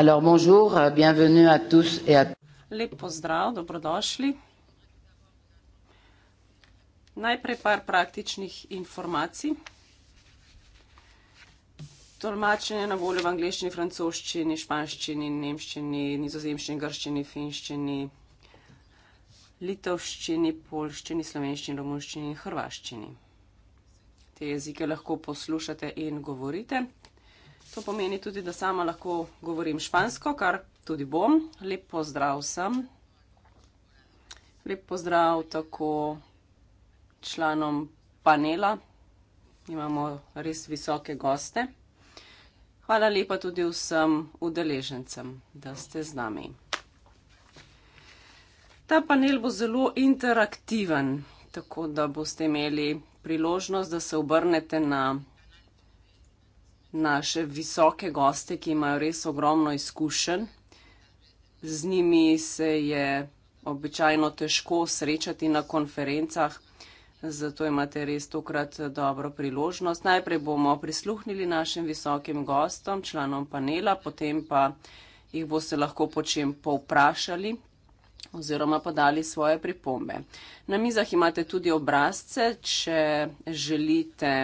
Alors bonjour, euh, bienvenue à tous et à Lep pozdrav, dobrodošli. Najprej par praktičnih informacij. Tolmačenje na voljo v angliščini, francoščini, španščini, nemščini, nizozemščini, grščini, finščini, litovščini, polščini, slovenščini, romunščini in hrvaščini. Te jezike lahko poslušate in govorite. To pomeni tudi, da sama lahko govorim špansko, kar tudi bom. Lep pozdrav sem. Lep pozdrav tako članom panela. Imamo res visoke goste. Hvala lepa tudi vsem udeležencem, da ste z nami. Ta panel bo zelo interaktiven, tako da boste imeli priložnost, da se obrnete na naše visoke goste, ki imajo res ogromno izkušenj. Z njimi se je običajno težko srečati na konferencah, zato imate res tokrat eh, dobro priložnost. Najprej bomo prisluhnili našim visokim gostom, članom panela, potem pa jih boste lahko počem povprašali oziroma podali svoje pripombe. Na mizah imate tudi obrazce, če želite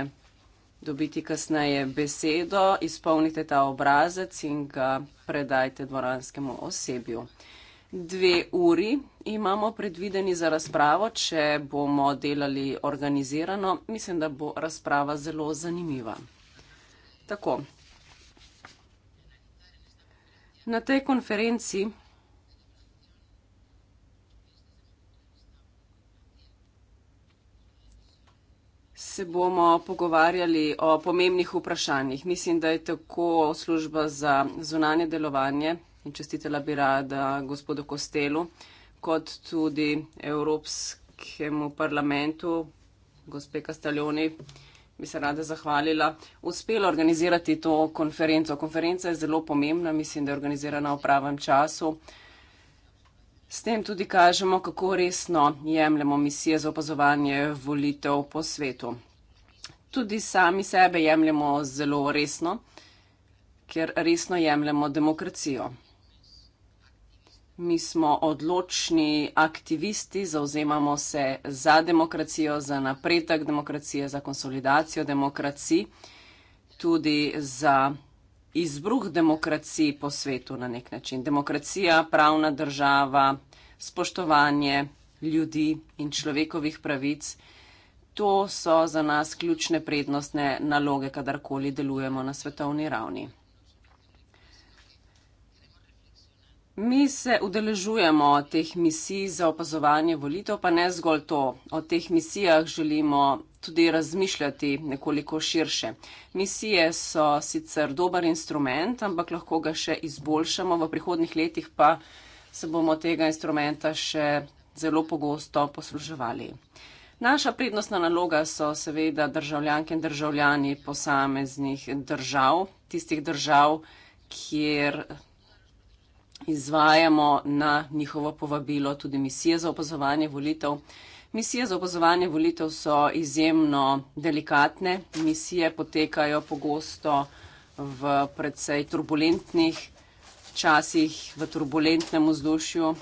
dobiti kasneje besedo, izpolnite ta obrazec in ga predajte dvoranskemu osebju. Dve uri imamo predvideni za razpravo, če bomo delali organizirano, mislim, da bo razprava zelo zanimiva. Tako. Na tej konferenci se bomo pogovarjali o pomembnih vprašanjih. Mislim, da je tako služba za zunanje delovanje in čestitela bi rada gospodu Kostelu, kot tudi Evropskemu parlamentu, gospe Kastaljoni, bi se rada zahvalila, uspelo organizirati to konferenco. Konferenca je zelo pomembna, mislim, da je organizirana v pravem času. S tem tudi kažemo, kako resno jemljemo misije za opazovanje volitev po svetu tudi sami sebe jemljemo zelo resno, ker resno jemljemo demokracijo. Mi smo odločni aktivisti, zauzemamo se za demokracijo, za napredek demokracije, za konsolidacijo demokracij, tudi za izbruh demokracij po svetu na nek način. Demokracija, pravna država, spoštovanje ljudi in človekovih pravic to so za nas ključne prednostne naloge, kadarkoli delujemo na svetovni ravni. Mi se udeležujemo teh misij za opazovanje volitev, pa ne zgolj to. O teh misijah želimo tudi razmišljati nekoliko širše. Misije so sicer dober instrument, ampak lahko ga še izboljšamo. V prihodnih letih pa se bomo tega instrumenta še zelo pogosto posluževali. Naša prednostna naloga so seveda državljanke in državljani posameznih držav, tistih držav, kjer izvajamo na njihovo povabilo tudi misije za opazovanje volitev. Misije za opazovanje volitev so izjemno delikatne, misije potekajo pogosto v precej turbulentnih časih, v turbulentnem vzdušju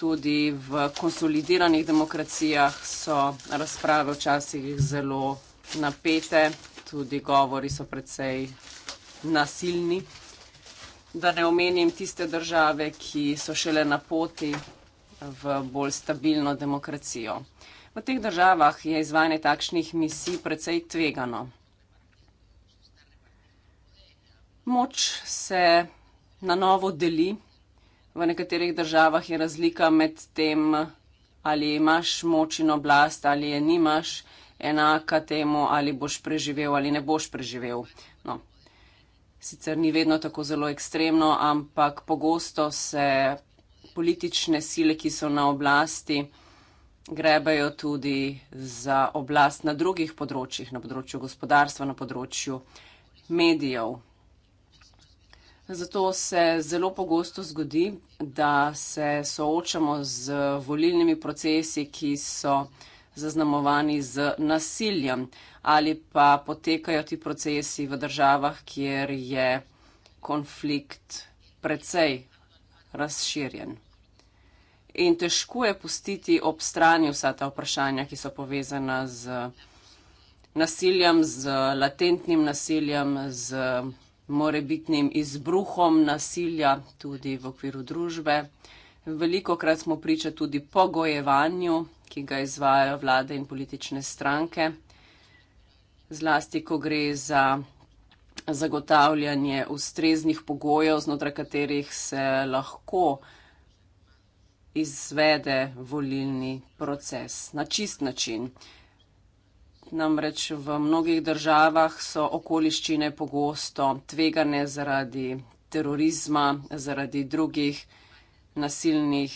tudi v konsolidiranih demokracijah so razprave včasih zelo napete, tudi govori so precej nasilni. Da ne omenim tiste države, ki so šele na poti v bolj stabilno demokracijo. V teh državah je izvajanje takšnih misij precej tvegano. Moč se na novo deli v nekaterih državah je razlika med tem, ali imaš moč in oblast ali je nimaš, enaka temu, ali boš preživel ali ne boš preživel. No. Sicer ni vedno tako zelo ekstremno, ampak pogosto se politične sile, ki so na oblasti, grebajo tudi za oblast na drugih področjih, na področju gospodarstva, na področju medijev. Zato se zelo pogosto zgodi, da se soočamo z volilnimi procesi, ki so zaznamovani z nasiljem ali pa potekajo ti procesi v državah, kjer je konflikt precej razširjen. In težko je pustiti ob strani vsa ta vprašanja, ki so povezana z nasiljem, z latentnim nasiljem, z morebitnim izbruhom nasilja tudi v okviru družbe. Veliko krat smo priča tudi pogojevanju, ki ga izvajajo vlade in politične stranke, zlasti, ko gre za zagotavljanje ustreznih pogojev, znotraj katerih se lahko izvede volilni proces na čist način namreč v mnogih državah so okoliščine pogosto tvegane zaradi terorizma, zaradi drugih nasilnih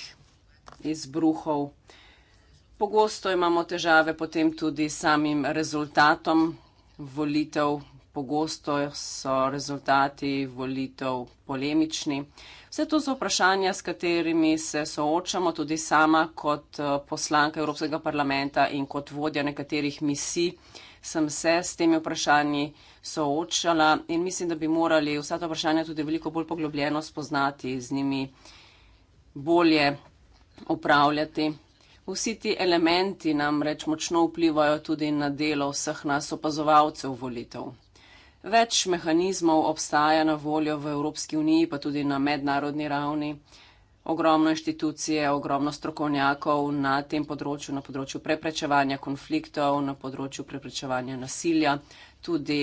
izbruhov. Pogosto imamo težave potem tudi samim rezultatom volitev, pogosto so rezultati volitev polemični. Vse to so vprašanja, s katerimi se soočamo tudi sama kot eh, poslanka Evropskega parlamenta in kot vodja nekaterih misij. Sem se s temi vprašanji soočala in mislim, da bi morali vsa ta vprašanja tudi veliko bolj poglobljeno spoznati, z njimi bolje upravljati. Vsi ti elementi nam reč močno vplivajo tudi na delo vseh nas opazovalcev volitev. Več mehanizmov obstaja na voljo v Evropski uniji, pa tudi na mednarodni ravni. Ogromno inštitucije, ogromno strokovnjakov na tem področju, na področju preprečevanja konfliktov, na področju preprečevanja nasilja, tudi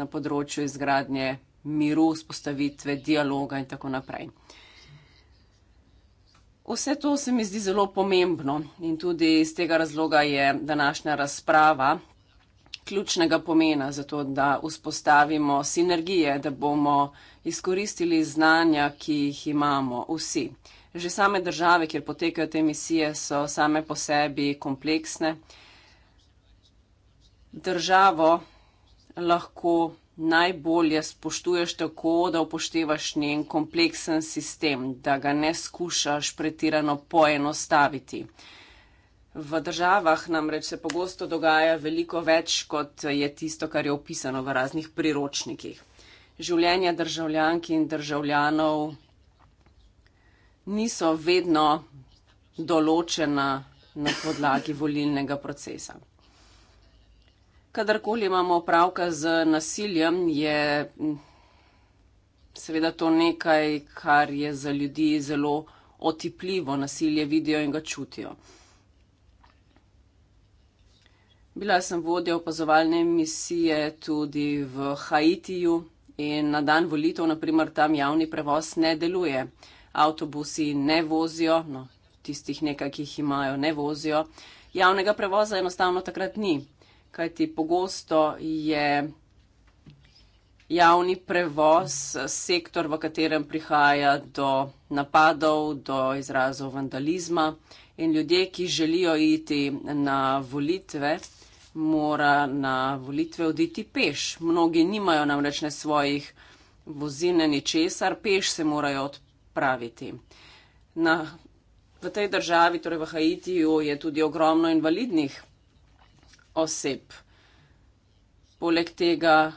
na področju izgradnje miru, spostavitve dialoga in tako naprej. Vse to se mi zdi zelo pomembno in tudi iz tega razloga je današnja razprava ključnega pomena za to, da vzpostavimo sinergije, da bomo izkoristili znanja, ki jih imamo vsi. Že same države, kjer potekajo te misije, so same po sebi kompleksne. Državo lahko najbolje spoštuješ tako, da upoštevaš njen kompleksen sistem, da ga ne skušaš pretirano poenostaviti. V državah namreč se pogosto dogaja veliko več, kot je tisto, kar je opisano v raznih priročnikih. Življenja državljank in državljanov niso vedno določena na podlagi volilnega procesa. Kadarkoli imamo opravka z nasiljem, je seveda to nekaj, kar je za ljudi zelo otipljivo. Nasilje vidijo in ga čutijo. Bila sem vodja opazovalne misije tudi v Haitiju in na dan volitev, naprimer, tam javni prevoz ne deluje. Avtobusi ne vozijo, no, tistih nekaj, ki jih imajo, ne vozijo. Javnega prevoza enostavno takrat ni, kajti pogosto je javni prevoz sektor, v katerem prihaja do napadov, do izrazov vandalizma in ljudje, ki želijo iti na volitve mora na volitve oditi peš. Mnogi nimajo namreč ne svojih vozine ni česar, peš se morajo odpraviti. Na, v tej državi, torej v Haitiju, je tudi ogromno invalidnih oseb. Poleg tega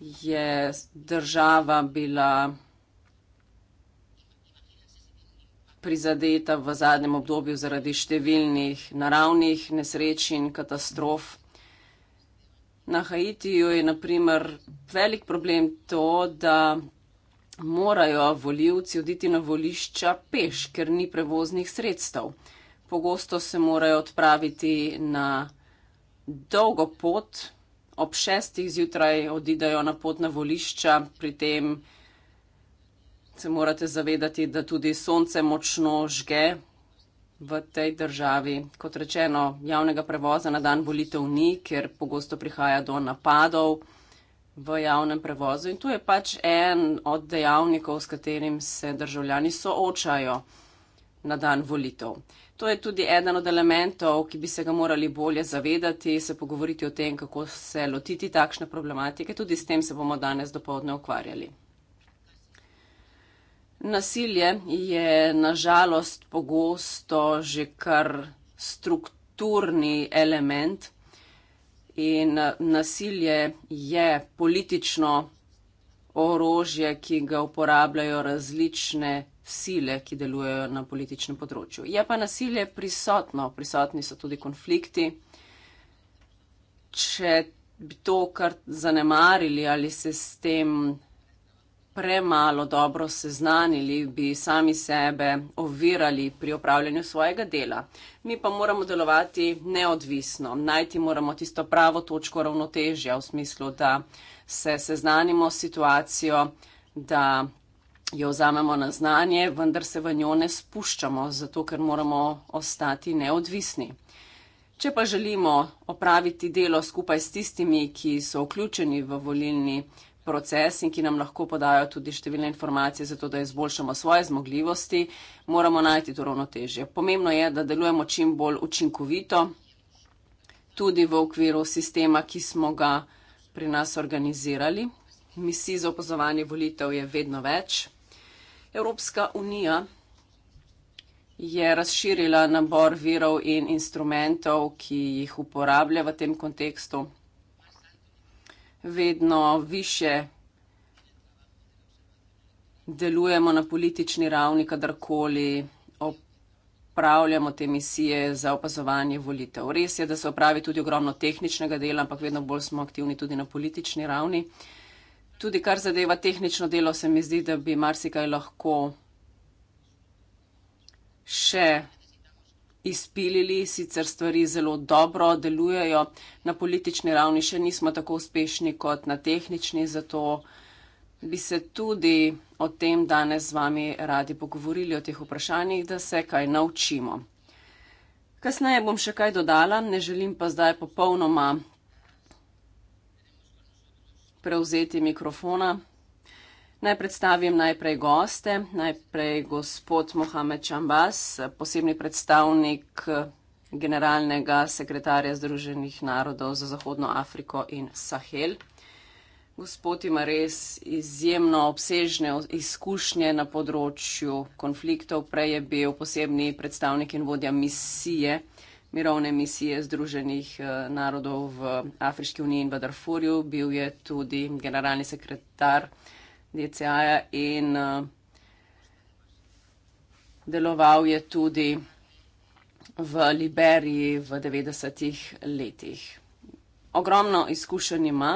je država bila prizadeta v zadnjem obdobju zaradi številnih naravnih nesreč in katastrof. Na Haitiju je naprimer velik problem to, da morajo voljivci oditi na volišča peš, ker ni prevoznih sredstev. Pogosto se morajo odpraviti na dolgo pot, ob šestih zjutraj odidajo na pot na volišča, pri tem se morate zavedati, da tudi sonce močno žge v tej državi. Kot rečeno, javnega prevoza na dan volitev ni, ker pogosto prihaja do napadov v javnem prevozu in to je pač en od dejavnikov, s katerim se državljani soočajo na dan volitev. To je tudi eden od elementov, ki bi se ga morali bolje zavedati, se pogovoriti o tem, kako se lotiti takšne problematike. Tudi s tem se bomo danes dopoledne ukvarjali. Nasilje je nažalost pogosto že kar strukturni element in nasilje je politično orožje, ki ga uporabljajo različne sile, ki delujejo na političnem področju. Je pa nasilje prisotno, prisotni so tudi konflikti. Če bi to kar zanemarili ali se s tem premalo dobro seznanili, bi sami sebe ovirali pri opravljanju svojega dela. Mi pa moramo delovati neodvisno, najti moramo tisto pravo točko ravnotežja v smislu, da se seznanimo s situacijo, da jo vzamemo na znanje, vendar se v njo ne spuščamo, zato ker moramo ostati neodvisni. Če pa želimo opraviti delo skupaj s tistimi, ki so vključeni v volilni proces, proces in ki nam lahko podajo tudi številne informacije, zato da izboljšamo svoje zmogljivosti, moramo najti to ravnotežje. Pomembno je, da delujemo čim bolj učinkovito, tudi v okviru sistema, ki smo ga pri nas organizirali. Misij za opozovanje volitev je vedno več. Evropska unija je razširila nabor virov in instrumentov, ki jih uporablja v tem kontekstu vedno više delujemo na politični ravni, kadarkoli opravljamo te misije za opazovanje volitev. Res je, da se opravi tudi ogromno tehničnega dela, ampak vedno bolj smo aktivni tudi na politični ravni. Tudi kar zadeva tehnično delo, se mi zdi, da bi marsikaj lahko še izpilili, sicer stvari zelo dobro delujejo, na politični ravni še nismo tako uspešni kot na tehnični, zato bi se tudi o tem danes z vami radi pogovorili o teh vprašanjih, da se kaj naučimo. Kasneje bom še kaj dodala, ne želim pa zdaj popolnoma prevzeti mikrofona. Naj predstavim najprej goste, najprej gospod Mohamed Čambas, posebni predstavnik generalnega sekretarja Združenih narodov za Zahodno Afriko in Sahel. Gospod ima res izjemno obsežne izkušnje na področju konfliktov. Prej je bil posebni predstavnik in vodja misije, mirovne misije Združenih eh, narodov v Afriški uniji in v Darfurju. Bil je tudi generalni sekretar DCA-ja in eh, deloval je tudi v Liberiji v 90-ih letih. Ogromno izkušenj ima,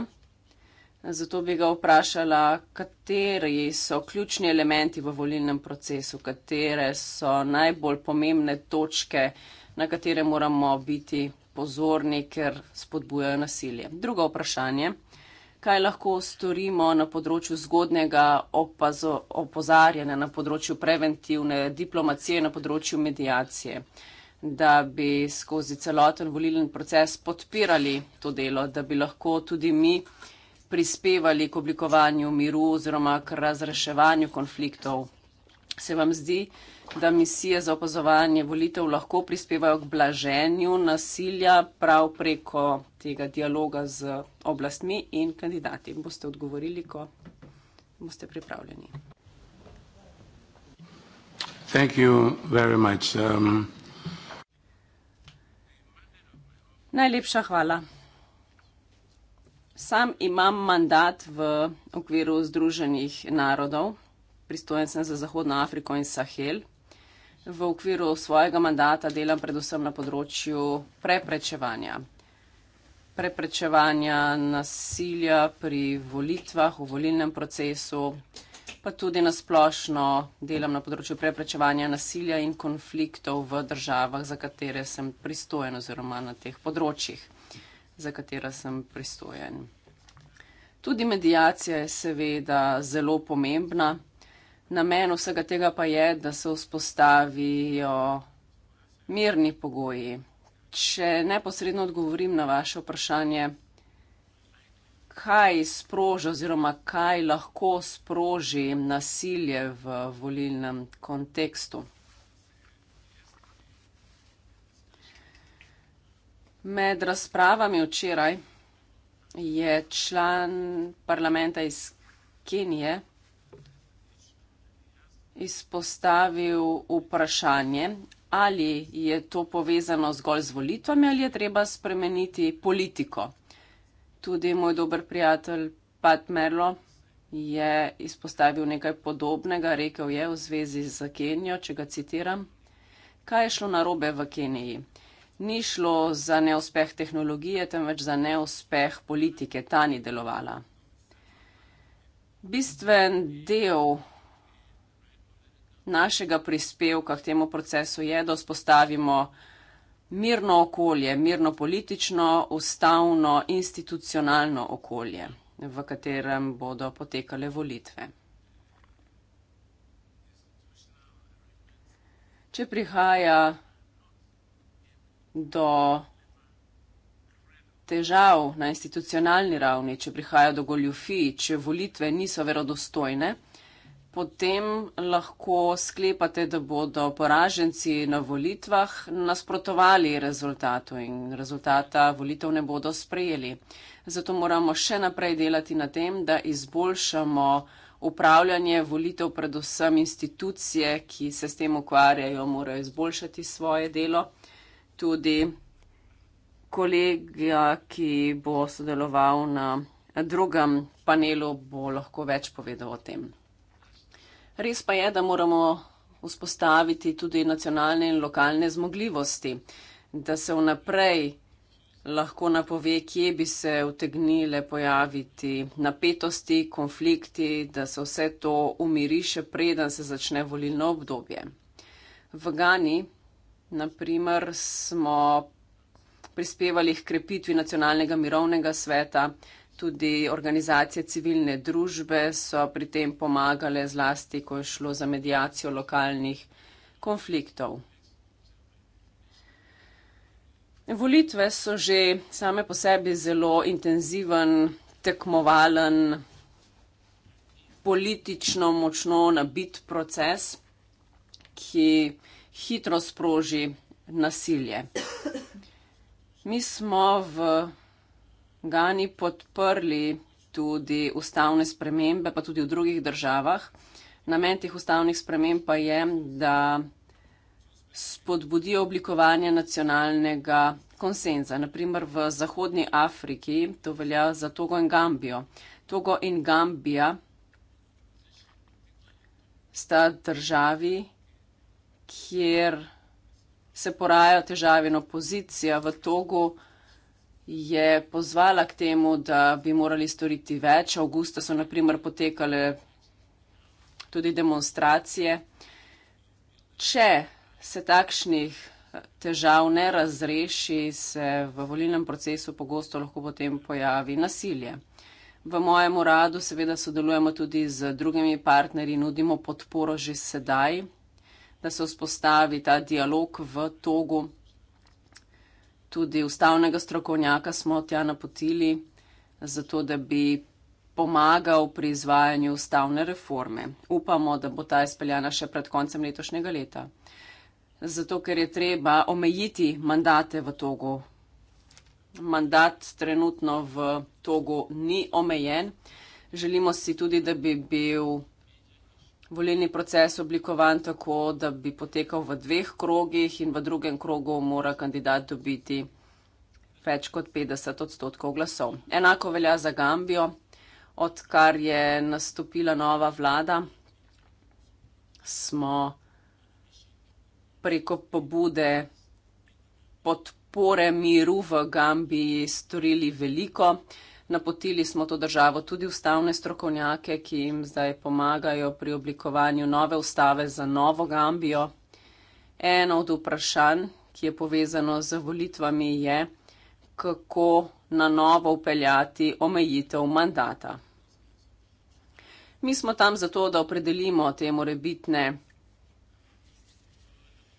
zato bi ga vprašala, kateri so ključni elementi v volilnem procesu, katere so najbolj pomembne točke, na katere moramo biti pozorni, ker spodbujajo nasilje. Drugo vprašanje kaj lahko storimo na področju zgodnega opozarjanja, na področju preventivne diplomacije, na področju medijacije, da bi skozi celoten volilen proces podpirali to delo, da bi lahko tudi mi prispevali k oblikovanju miru oziroma k razreševanju konfliktov. Se vam zdi, da misije za opazovanje volitev lahko prispevajo k blaženju nasilja prav preko tega dialoga z oblastmi in kandidati. Boste odgovorili, ko boste pripravljeni. Thank you very much. Um... Najlepša hvala. Sam imam mandat v okviru Združenih narodov, pristojen sem za Zahodno Afriko in Sahel v okviru svojega mandata delam predvsem na področju preprečevanja. Preprečevanja nasilja pri volitvah, v volilnem procesu, pa tudi na splošno delam na področju preprečevanja nasilja in konfliktov v državah, za katere sem pristojen oziroma na teh področjih, za katera sem pristojen. Tudi medijacija je seveda zelo pomembna. Namen vsega tega pa je, da se vzpostavijo mirni pogoji. Če neposredno odgovorim na vaše vprašanje, kaj sproža oziroma kaj lahko sproži nasilje v volilnem kontekstu. Med razpravami včeraj je član parlamenta iz Kenije izpostavil vprašanje, ali je to povezano zgolj z volitvami ali je treba spremeniti politiko. Tudi moj dober prijatelj Pat Merlo je izpostavil nekaj podobnega, rekel je v zvezi z Kenijo, če ga citiram, kaj je šlo narobe v Keniji. Ni šlo za neuspeh tehnologije, temveč za neuspeh politike, ta ni delovala. Bistven del našega prispevka k temu procesu je, da vzpostavimo mirno okolje, mirno politično, ustavno, institucionalno okolje, v katerem bodo potekale volitve. Če prihaja do težav na institucionalni ravni, če prihaja do goljufi, če volitve niso verodostojne, potem lahko sklepate, da bodo poraženci na volitvah nasprotovali rezultatu in rezultata volitev ne bodo sprejeli. Zato moramo še naprej delati na tem, da izboljšamo upravljanje volitev, predvsem institucije, ki se s tem ukvarjajo, morajo izboljšati svoje delo. Tudi kolega, ki bo sodeloval na drugem panelu, bo lahko več povedal o tem. Res pa je, da moramo vzpostaviti tudi nacionalne in lokalne zmogljivosti, da se vnaprej lahko napove, kje bi se utegnile pojaviti napetosti, konflikti, da se vse to umiri še preden se začne volilno obdobje. V Gani, naprimer, smo prispevali h krepitvi nacionalnega mirovnega sveta, tudi organizacije civilne družbe so pri tem pomagale zlasti, ko je šlo za medijacijo lokalnih konfliktov. Volitve so že same po sebi zelo intenziven, tekmovalen, politično močno nabit proces, ki hitro sproži nasilje. Mi smo v Gani podprli tudi ustavne spremembe, pa tudi v drugih državah. Namen teh ustavnih sprememb pa je, da spodbudijo oblikovanje nacionalnega konsenza. Naprimer v Zahodnji Afriki to velja za Togo in Gambijo. Togo in Gambija sta državi, kjer se porajajo težave in opozicija v Togo je pozvala k temu, da bi morali storiti več. Augusta so naprimer potekale tudi demonstracije. Če se takšnih težav ne razreši, se v volilnem procesu pogosto lahko potem pojavi nasilje. V mojem uradu seveda sodelujemo tudi z drugimi partnerji, nudimo podporo že sedaj, da se vzpostavi ta dialog v togu tudi ustavnega strokovnjaka smo tja napotili, zato da bi pomagal pri izvajanju ustavne reforme. Upamo, da bo ta izpeljana še pred koncem letošnjega leta. Zato, ker je treba omejiti mandate v togu. Mandat trenutno v togu ni omejen. Želimo si tudi, da bi bil volilni proces oblikovan tako, da bi potekal v dveh krogih in v drugem krogu mora kandidat dobiti več kot 50 odstotkov glasov. Enako velja za Gambijo, odkar je nastopila nova vlada, smo preko pobude podpore miru v Gambiji storili veliko. Napotili smo to državo tudi ustavne strokovnjake, ki jim zdaj pomagajo pri oblikovanju nove ustave za novo Gambijo. Eno od vprašanj, ki je povezano z volitvami, je, kako na novo upeljati omejitev mandata. Mi smo tam zato, da opredelimo te morebitne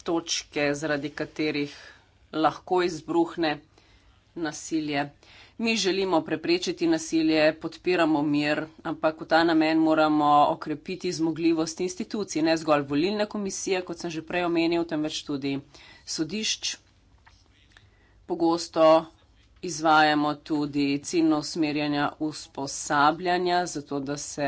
točke, zaradi katerih lahko izbruhne nasilje mi želimo preprečiti nasilje, podpiramo mir, ampak v ta namen moramo okrepiti zmogljivost institucij, ne zgolj volilne komisije, kot sem že prej omenil, temveč tudi sodišč. Pogosto izvajamo tudi ciljno usmerjanja usposabljanja, zato da se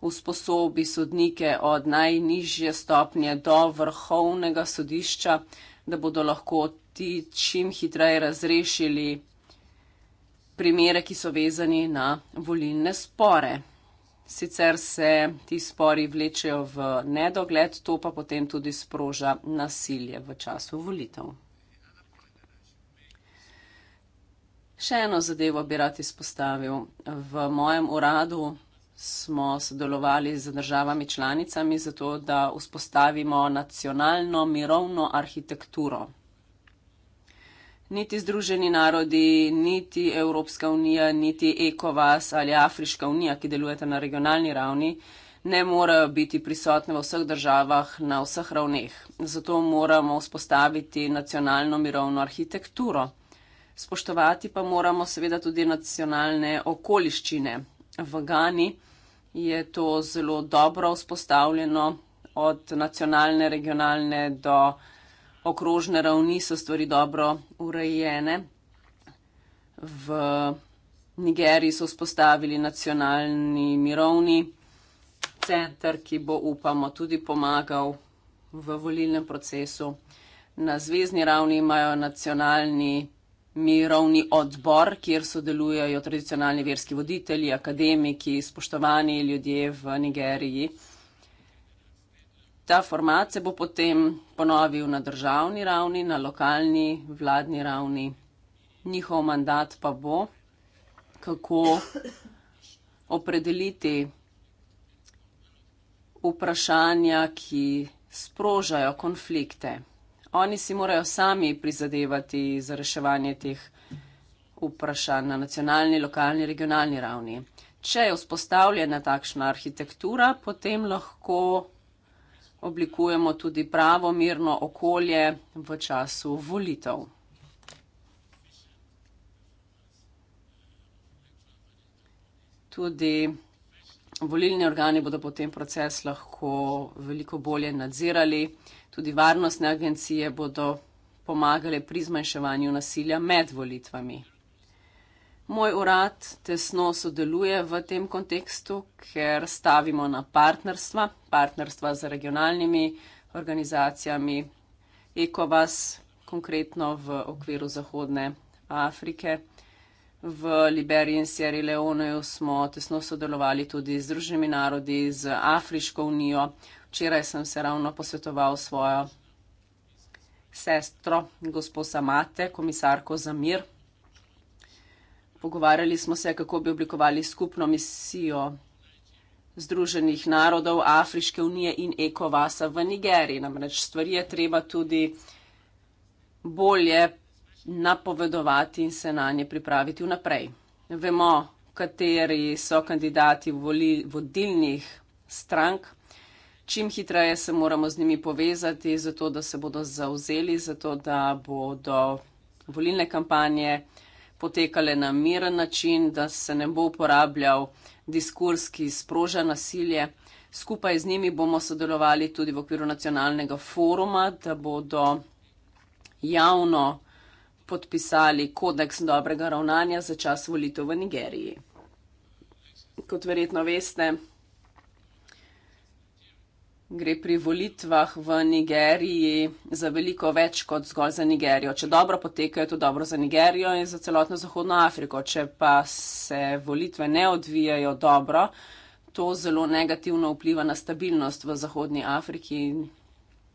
usposobi sodnike od najnižje stopnje do vrhovnega sodišča, da bodo lahko ti čim hitreje razrešili primere, ki so vezani na volilne spore. Sicer se ti spori vlečejo v nedogled, to pa potem tudi sproža nasilje v času volitev. Še eno zadevo bi rad izpostavil. V mojem uradu smo sodelovali z državami članicami, zato da vzpostavimo nacionalno mirovno arhitekturo niti Združeni narodi, niti Evropska unija, niti ECOWAS ali Afriška unija, ki delujete na regionalni ravni, ne morejo biti prisotne v vseh državah na vseh ravneh. Zato moramo vzpostaviti nacionalno mirovno arhitekturo. Spoštovati pa moramo seveda tudi nacionalne okoliščine. V Gani je to zelo dobro vzpostavljeno od nacionalne, regionalne do regionalne okrožne ravni so stvari dobro urejene. V Nigeriji so spostavili nacionalni mirovni center, ki bo, upamo, tudi pomagal v volilnem procesu. Na zvezdni ravni imajo nacionalni mirovni odbor, kjer sodelujejo tradicionalni verski voditelji, akademiki, spoštovani ljudje v Nigeriji. Ta format se bo potem ponovil na državni ravni, na lokalni, vladni ravni. Njihov mandat pa bo, kako opredeliti vprašanja, ki sprožajo konflikte. Oni si morajo sami prizadevati za reševanje teh vprašanj na nacionalni, lokalni, regionalni ravni. Če je vzpostavljena takšna arhitektura, potem lahko oblikujemo tudi pravo mirno okolje v času volitev. Tudi volilni organi bodo potem proces lahko veliko bolje nadzirali, tudi varnostne agencije bodo pomagale pri zmanjševanju nasilja med volitvami. Moj urad tesno sodeluje v tem kontekstu, ker stavimo na partnerstva, partnerstva z regionalnimi organizacijami, ECOVAS, konkretno v okviru Zahodne Afrike. V Liberiji in Sierra Leoneju smo tesno sodelovali tudi z Združenimi narodi, z Afriško unijo. Včeraj sem se ravno posvetoval svojo sestro, gospod Samate, komisarko za mir Pogovarjali smo se, kako bi oblikovali skupno misijo Združenih narodov, Afriške unije in ekovasa v Nigeriji. Namreč stvari je treba tudi bolje napovedovati in se na nje pripraviti vnaprej. Vemo, kateri so kandidati vodilnih strank. Čim hitreje se moramo z njimi povezati, zato da se bodo zauzeli, zato da bodo volilne kampanje potekale na miren način, da se ne bo uporabljal diskurs, ki sproža nasilje. Skupaj z njimi bomo sodelovali tudi v okviru nacionalnega foruma, da bodo javno podpisali kodeks dobrega ravnanja za čas volitev v Nigeriji. Kot verjetno veste, gre pri volitvah v Nigeriji za veliko več kot zgolj za Nigerijo. Če dobro potekajo, je to dobro za Nigerijo in za celotno Zahodno Afriko. Če pa se volitve ne odvijajo dobro, to zelo negativno vpliva na stabilnost v Zahodni Afriki in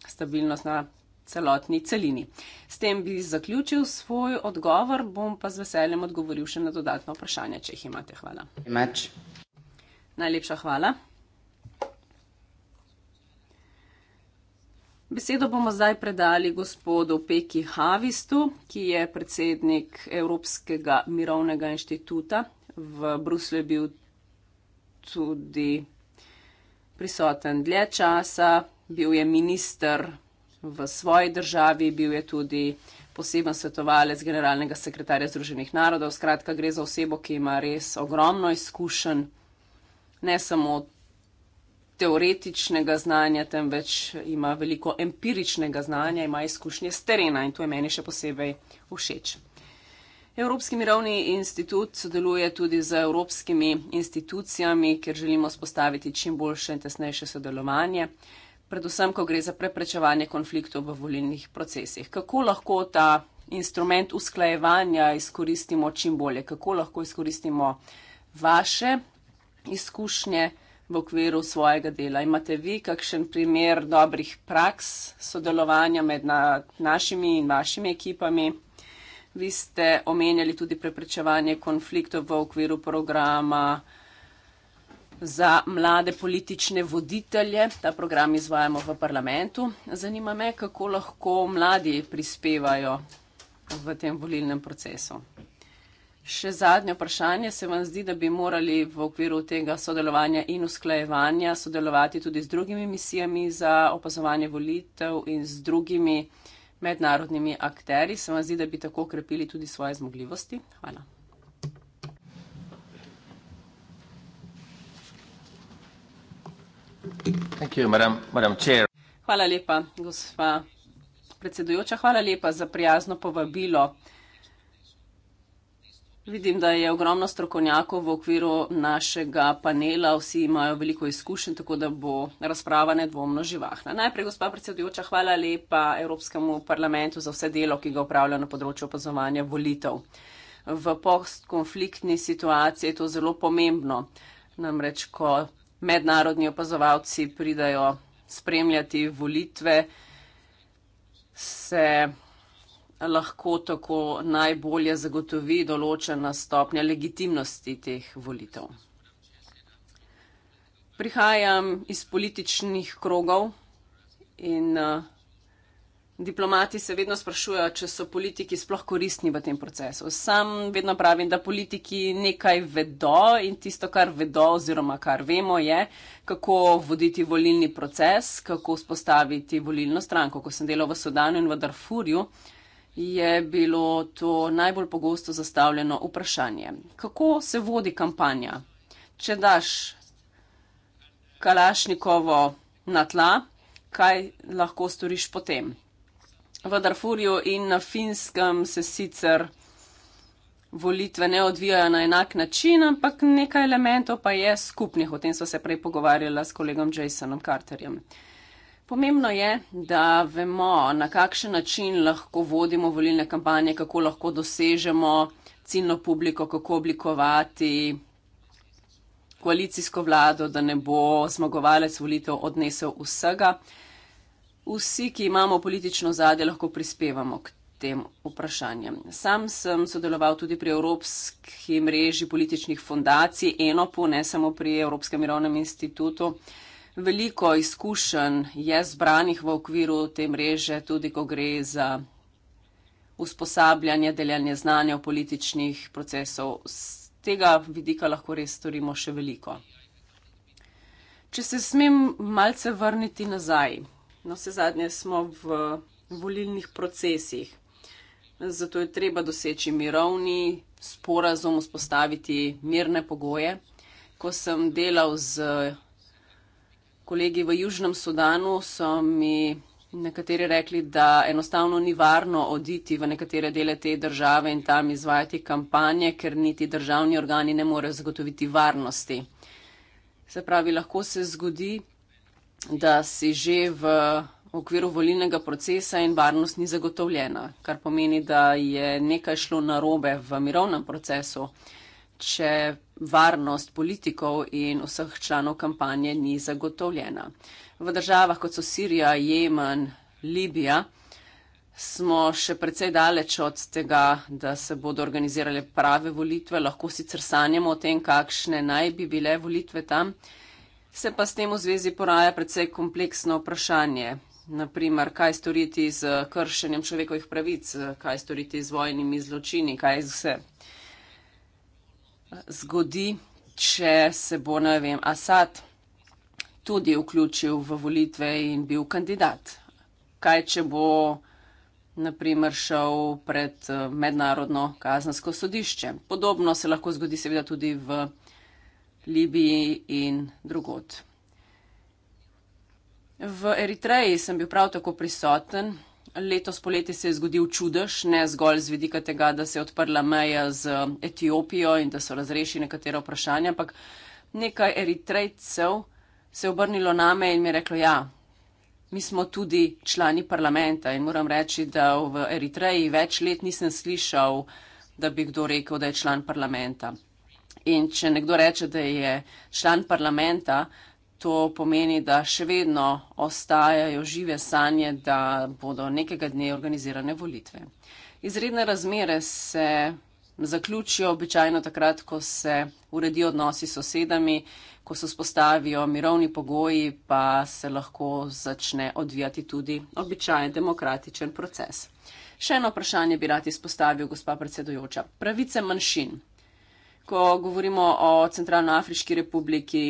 stabilnost na celotni celini. S tem bi zaključil svoj odgovor, bom pa z veseljem odgovoril še na dodatno vprašanje, če jih imate. Hvala. Imač. Najlepša hvala. Besedo bomo zdaj predali gospodu Peki Havistu, ki je predsednik Evropskega mirovnega inštituta. V Bruslju je bil tudi prisoten dlje časa, bil je minister v svoji državi, bil je tudi poseben svetovalec generalnega sekretarja Združenih narodov. Skratka, gre za osebo, ki ima res ogromno izkušenj, ne samo teoretičnega znanja, temveč ima veliko empiričnega znanja, ima izkušnje z terena in to je meni še posebej všeč. Evropski mirovni institut sodeluje tudi z evropskimi institucijami, kjer želimo spostaviti čim boljše in tesnejše sodelovanje, predvsem, ko gre za preprečevanje konfliktov v volilnih procesih. Kako lahko ta instrument usklajevanja izkoristimo čim bolje, kako lahko izkoristimo vaše izkušnje, v okviru svojega dela. Imate vi kakšen primer dobrih praks sodelovanja med na, našimi in vašimi ekipami? Vi ste omenjali tudi preprečevanje konfliktov v okviru programa za mlade politične voditelje. Ta program izvajamo v parlamentu. Zanima me, kako lahko mladi prispevajo v tem volilnem procesu. Še zadnje vprašanje. Se vam zdi, da bi morali v okviru tega sodelovanja in usklajevanja sodelovati tudi z drugimi misijami za opazovanje volitev in z drugimi mednarodnimi akteri? Se vam zdi, da bi tako krepili tudi svoje zmogljivosti? Hvala. You, madam, madam hvala lepa, gospa predsedujoča. Hvala lepa za prijazno povabilo. Vidim, da je ogromno strokovnjakov v okviru našega panela, vsi imajo veliko izkušenj, tako da bo razprava nedvomno živahna. Najprej, gospa predsedujoča, hvala lepa Evropskemu parlamentu za vse delo, ki ga upravlja na področju opazovanja volitev. V postkonfliktni situaciji je to zelo pomembno, namreč ko mednarodni opazovalci pridajo spremljati volitve, se lahko tako najbolje zagotovi določena stopnja legitimnosti teh volitev. Prihajam iz političnih krogov in eh, Diplomati se vedno sprašujejo, če so politiki sploh koristni v tem procesu. Sam vedno pravim, da politiki nekaj vedo in tisto, kar vedo oziroma kar vemo, je, kako voditi volilni proces, kako spostaviti volilno stranko. Ko sem delal v Sudanu in v Darfurju, uh, je bilo to najbolj pogosto zastavljeno vprašanje. Kako se vodi kampanja? Če daš Kalašnikovo na tla, kaj lahko storiš potem? V Darfurju in na Finskem se sicer volitve ne odvijajo na enak način, ampak nekaj elementov pa je skupnih. O tem smo se prej pogovarjali s kolegom Jasonom Carterjem. Pomembno je, da vemo, na kakšen način lahko vodimo volilne kampanje, kako lahko dosežemo ciljno publiko, kako oblikovati koalicijsko vlado, da ne bo zmagovalec volitev odnesel vsega. Vsi, ki imamo politično zadje, lahko prispevamo k tem vprašanjem. Sam sem sodeloval tudi pri Evropski mreži političnih fundacij, eno po, ne samo pri Evropskem mirovnem institutu. Veliko izkušenj je zbranih v okviru te mreže, tudi ko gre za usposabljanje, deljanje znanja v političnih procesov. Z tega vidika lahko res storimo še veliko. Če se smem malce vrniti nazaj, no vse zadnje smo v volilnih procesih, zato je treba doseči mirovni sporazum, vzpostaviti mirne pogoje. Ko sem delal z kolegi v Južnem Sudanu so mi nekateri rekli, da enostavno ni varno oditi v nekatere dele te države in tam izvajati kampanje, ker niti državni organi ne morejo zagotoviti varnosti. Se pravi, lahko se zgodi, da si že v okviru volilnega procesa in varnost ni zagotovljena, kar pomeni, da je nekaj šlo narobe v mirovnem procesu če varnost politikov in vseh članov kampanje ni zagotovljena. V državah, kot so Sirija, Jemen, Libija, smo še precej daleč od tega, da se bodo organizirale prave volitve. Lahko sicer sanjamo o tem, kakšne naj bi bile volitve tam. Se pa s tem v zvezi poraja precej kompleksno vprašanje. Naprimer, kaj storiti z kršenjem človekovih pravic, kaj storiti z vojnimi zločini, kaj z vse zgodi, če se bo, ne vem, Asad tudi vključil v volitve in bil kandidat? Kaj, če bo, naprimer, šel pred eh, mednarodno kazansko sodišče? Podobno se lahko zgodi seveda tudi v Libiji in drugot. V Eritreji sem bil prav tako prisoten letos poleti se je zgodil čudež, ne zgolj z vidika tega, da se je odprla meja z Etiopijo in da so razrešili nekatera vprašanja, ampak nekaj eritrejcev se je obrnilo name in mi je reklo, ja, mi smo tudi člani parlamenta in moram reči, da v Eritreji več let nisem slišal, da bi kdo rekel, da je član parlamenta. In če nekdo reče, da je član parlamenta, To pomeni, da še vedno ostajajo žive sanje, da bodo nekega dne organizirane volitve. Izredne razmere se zaključijo običajno takrat, ko se uredijo odnosi s sosedami, ko se spostavijo mirovni pogoji, pa se lahko začne odvijati tudi običajen demokratičen proces. Še eno vprašanje bi rad izpostavil, gospa predsedujoča. Pravice manjšin. Ko govorimo o Centralnoafriški republiki,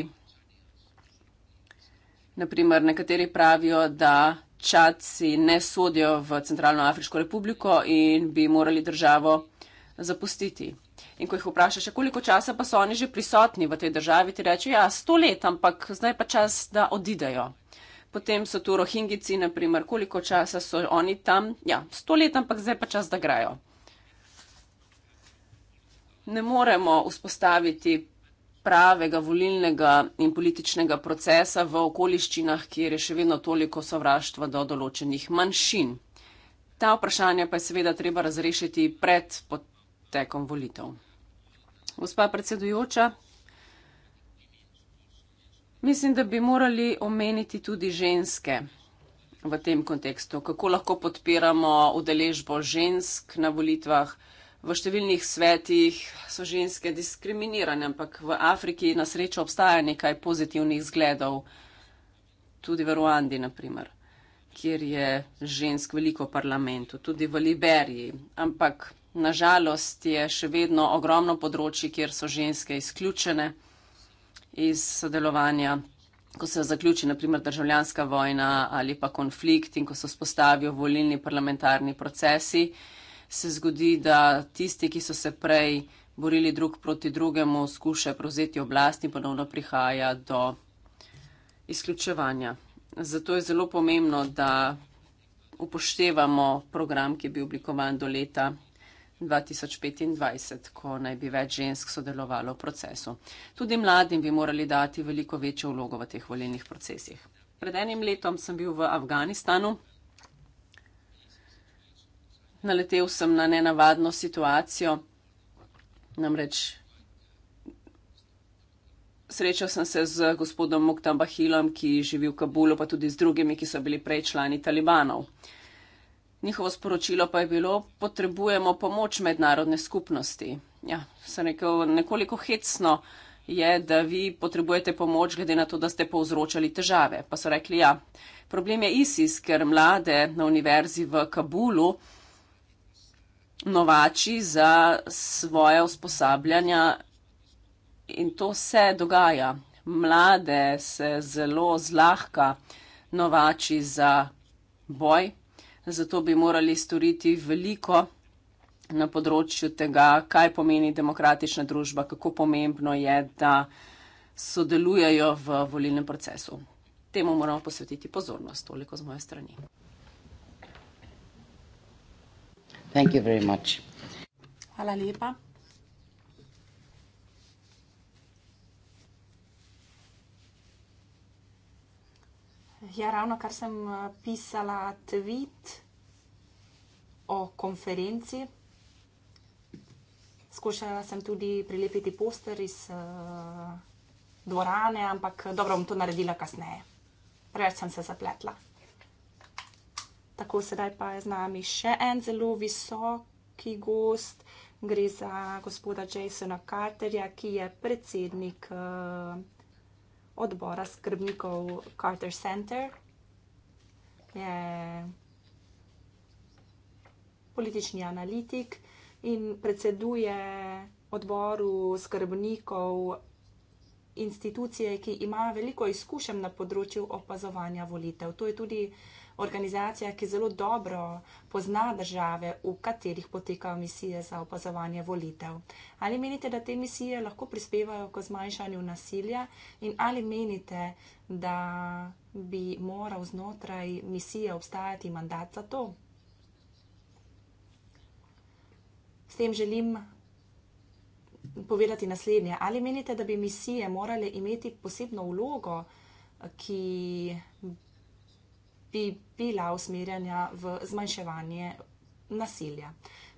Naprimer, nekateri pravijo, da čaci ne sodijo v Centralno Afriško republiko in bi morali državo zapustiti. In ko jih vprašaš, koliko časa pa so oni že prisotni v tej državi, ti reče, ja, sto let, ampak zdaj pa čas, da odidejo. Potem so tu rohingici, naprimer, koliko časa so oni tam, ja, sto let, ampak zdaj pa čas, da grajo. Ne moremo vzpostaviti pravega volilnega in političnega procesa v okoliščinah, kjer je še vedno toliko sovraštva do določenih manjšin. Ta vprašanja pa je seveda treba razrešiti pred potekom volitev. Gospa predsedujoča, mislim, da bi morali omeniti tudi ženske v tem kontekstu, kako lahko podpiramo udeležbo žensk na volitvah v številnih svetih so ženske diskriminirane, ampak v Afriki na srečo obstaja nekaj pozitivnih zgledov, tudi v Ruandi, naprimer, kjer je žensk veliko v parlamentu, tudi v Liberiji. Ampak nažalost je še vedno ogromno področji, kjer so ženske izključene iz sodelovanja. Ko se zaključi naprimer državljanska vojna ali pa konflikt in ko se spostavijo volilni parlamentarni procesi, se zgodi, da tisti, ki so se prej borili drug proti drugemu, skušajo prevzeti oblast in ponovno prihaja do izključevanja. Zato je zelo pomembno, da upoštevamo program, ki je bil oblikovan do leta 2025, ko naj bi več žensk sodelovalo v procesu. Tudi mladim bi morali dati veliko večjo vlogo v teh volilnih procesih. Pred enim letom sem bil v Afganistanu naletel sem na nenavadno situacijo. Namreč srečal sem se z gospodom Muktam Bahilom, ki živi v Kabulu, pa tudi z drugimi, ki so bili prej člani talibanov. Njihovo sporočilo pa je bilo, potrebujemo pomoč mednarodne skupnosti. Ja, sem rekel, nekoliko hecno je, da vi potrebujete pomoč, glede na to, da ste povzročali težave. Pa so rekli, ja, problem je ISIS, ker mlade na univerzi v Kabulu novači za svoje usposabljanja in to se dogaja. Mlade se zelo zlahka novači za boj, zato bi morali storiti veliko na področju tega, kaj pomeni demokratična družba, kako pomembno je, da sodelujejo v volilnem procesu. Temu moramo posvetiti pozornost, toliko z moje strani. Thank you very much. Hvala lepa. Ja, ravno kar sem eh, pisala tweet o konferenci. Skušala sem tudi prilepiti poster iz uh, dvorane, ampak dobro bom to naredila kasneje. Preveč sem se zapletla. Tako sedaj pa je z nami še en zelo visoki gost, gre za gospoda Jasona Carterja, ki je predsednik uh, odbora skrbnikov Carter Center. Je politični analitik in predseduje odboru skrbnikov institucije, ki ima veliko izkušenj na področju opazovanja volitev. To je tudi uh, organizacija, ki zelo dobro pozna države, v katerih potekajo misije za opazovanje volitev. Ali menite, da te misije lahko prispevajo k zmanjšanju nasilja in ali menite, da bi moral znotraj misije obstajati mandat za to? S tem želim povedati naslednje. Ali menite, da bi misije morale imeti posebno vlogo, ki bi bila usmerjena v zmanjševanje nasilja.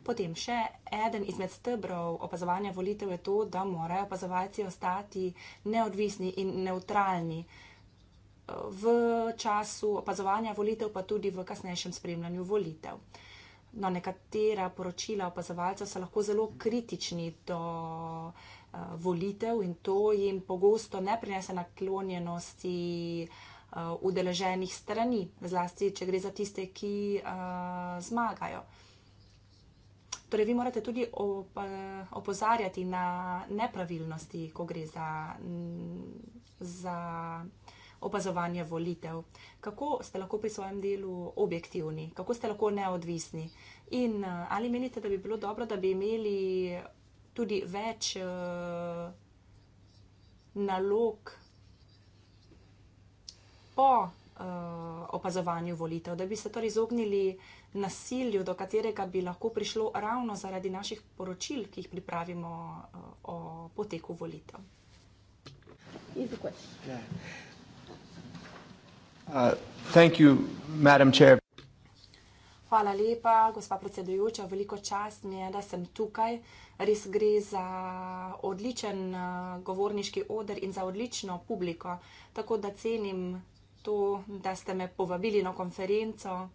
Potem še eden izmed stebrov opazovanja volitev je to, da morajo opazovalci ostati neodvisni in neutralni v času opazovanja volitev, pa tudi v kasnejšem spremljanju volitev. No, nekatera poročila opazovalcev so lahko zelo kritični do uh, volitev in to jim pogosto ne prinese naklonjenosti uh, Eh, udeleženih strani, zlasti če gre za tiste, ki eh, zmagajo. Torej, vi morate tudi opozarjati na nepravilnosti, ko gre za, mm, za opazovanje volitev. Kako ste lahko pri svojem delu objektivni, kako ste lahko neodvisni in eh, ali menite, da bi bilo dobro, da bi imeli tudi več nalog po uh, opazovanju volitev, da bi se torej izognili nasilju, do katerega bi lahko prišlo ravno zaradi naših poročil, ki jih pripravimo uh, o poteku volitev. Uh, Hvala lepa, gospa predsedujoča. Veliko čast mi je, da sem tukaj. Res gre za odličen eh, govorniški odr in za odlično publiko. Tako da cenim to, da ste me povabili na konferenco.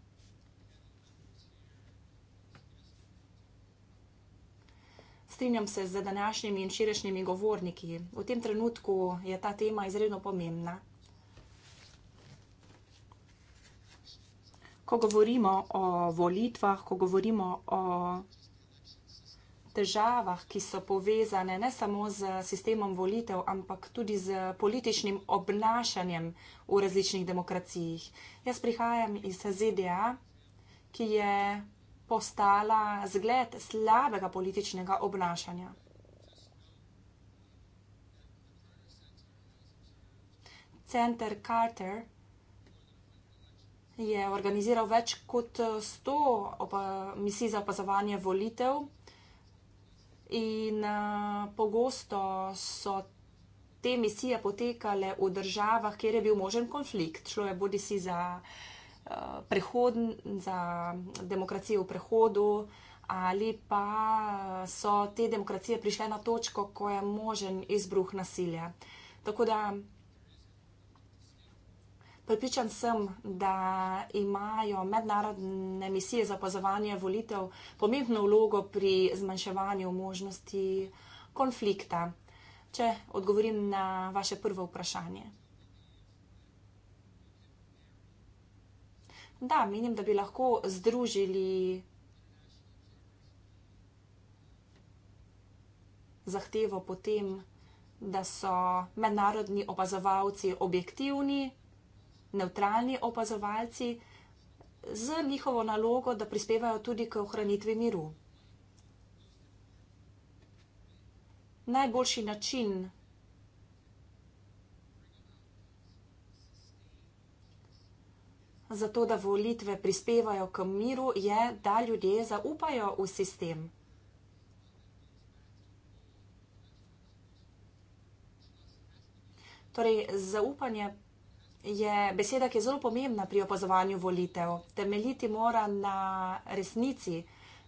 Strinjam se z današnjimi in širešnjimi govorniki. V tem trenutku je ta tema izredno pomembna. Ko govorimo o volitvah, ko govorimo o težavah, ki so povezane ne samo z sistemom volitev, ampak tudi z političnim obnašanjem v različnih demokracijah. Jaz prihajam iz ZDA, ki je postala zgled slabega političnega obnašanja. Center Carter je organiziral več kot 100 misij za opazovanje volitev. In uh, pogosto so te misije potekale v državah, kjer je bil možen konflikt. Šlo je bodi si za, uh, za demokracijo v prehodu, ali pa eh, so te demokracije prišle na točko, ko je možen izbruh nasilja. Tako da Pripričan sem, da imajo mednarodne misije za opazovanje volitev pomembno vlogo pri zmanjševanju možnosti konflikta. Če odgovorim na vaše prvo vprašanje. Da, menim, da bi lahko združili zahtevo potem, da so mednarodni opazovalci objektivni neutralni opazovalci z njihovo nalogo, da prispevajo tudi k ohranitvi miru. Najboljši način za to, da volitve prispevajo k miru, je, da ljudje zaupajo v sistem. Torej, zaupanje je beseda, ki je zelo pomembna pri opazovanju volitev. Temeljiti mora na resnici,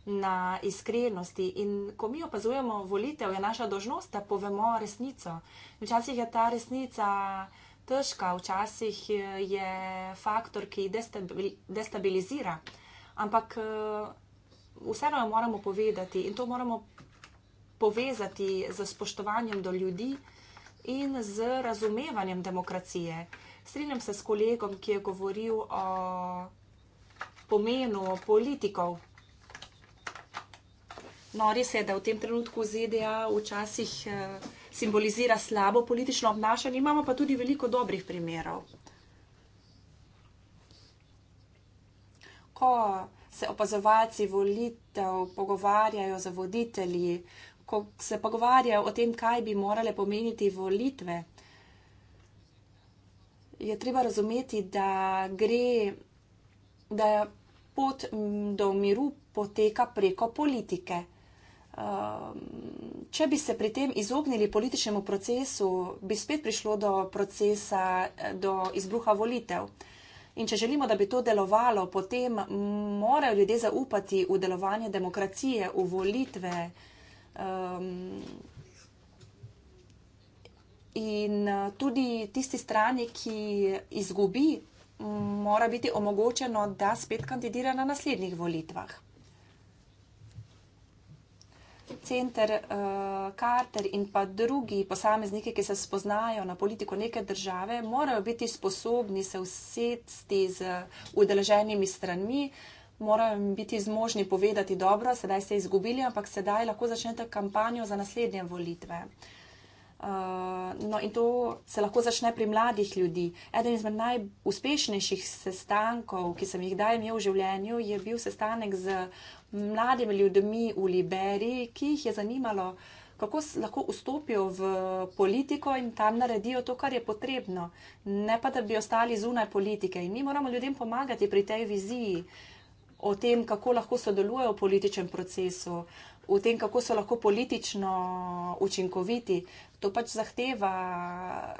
na iskrenosti. In ko mi opazujemo volitev, je naša dožnost, da povemo resnico. Včasih je ta resnica težka, včasih eh, je faktor, ki destabilizira. Ampak eh, vseeno jo moramo povedati in to moramo povezati z spoštovanjem do ljudi in z razumevanjem demokracije strinjam se s kolegom, ki je govoril o pomenu politikov. No, res je, da v tem trenutku ZDA včasih eh, simbolizira slabo politično obnašanje, imamo pa tudi veliko dobrih primerov. Ko se opazovalci volitev pogovarjajo za voditelji, ko se pogovarjajo o tem, kaj bi morale pomeniti volitve, je treba razumeti, da gre, da je pot do miru poteka preko politike. Ehm, če bi se pri tem izognili političnemu procesu, bi spet prišlo do procesa, eh, do izbruha volitev. In če želimo, da bi to delovalo, potem morajo ljudje zaupati v delovanje demokracije, v volitve. Ehm, in eh, tudi tisti strani, ki izgubi, mora biti omogočeno, da spet kandidira na naslednjih volitvah. Center uh, Carter in pa drugi posamezniki, ki se spoznajo na politiko neke države, morajo biti sposobni se usedsti z udeleženimi stranmi, morajo biti zmožni povedati dobro, sedaj ste izgubili, ampak sedaj lahko začnete kampanjo za naslednje volitve. Uh, Uh, no, in to se lahko začne pri mladih ljudi. Eden izmed najuspešnejših sestankov, ki sem jih kdaj imel v življenju, je bil sestanek z mladimi ljudmi v Liberiji, ki jih je zanimalo, kako lahko vstopijo v politiko in tam naredijo to, kar je potrebno, ne pa da bi ostali zunaj politike. In mi moramo ljudem pomagati pri tej viziji o tem, kako lahko sodelujejo v političnem procesu. Uh, v tem, kako so lahko politično učinkoviti. To pač zahteva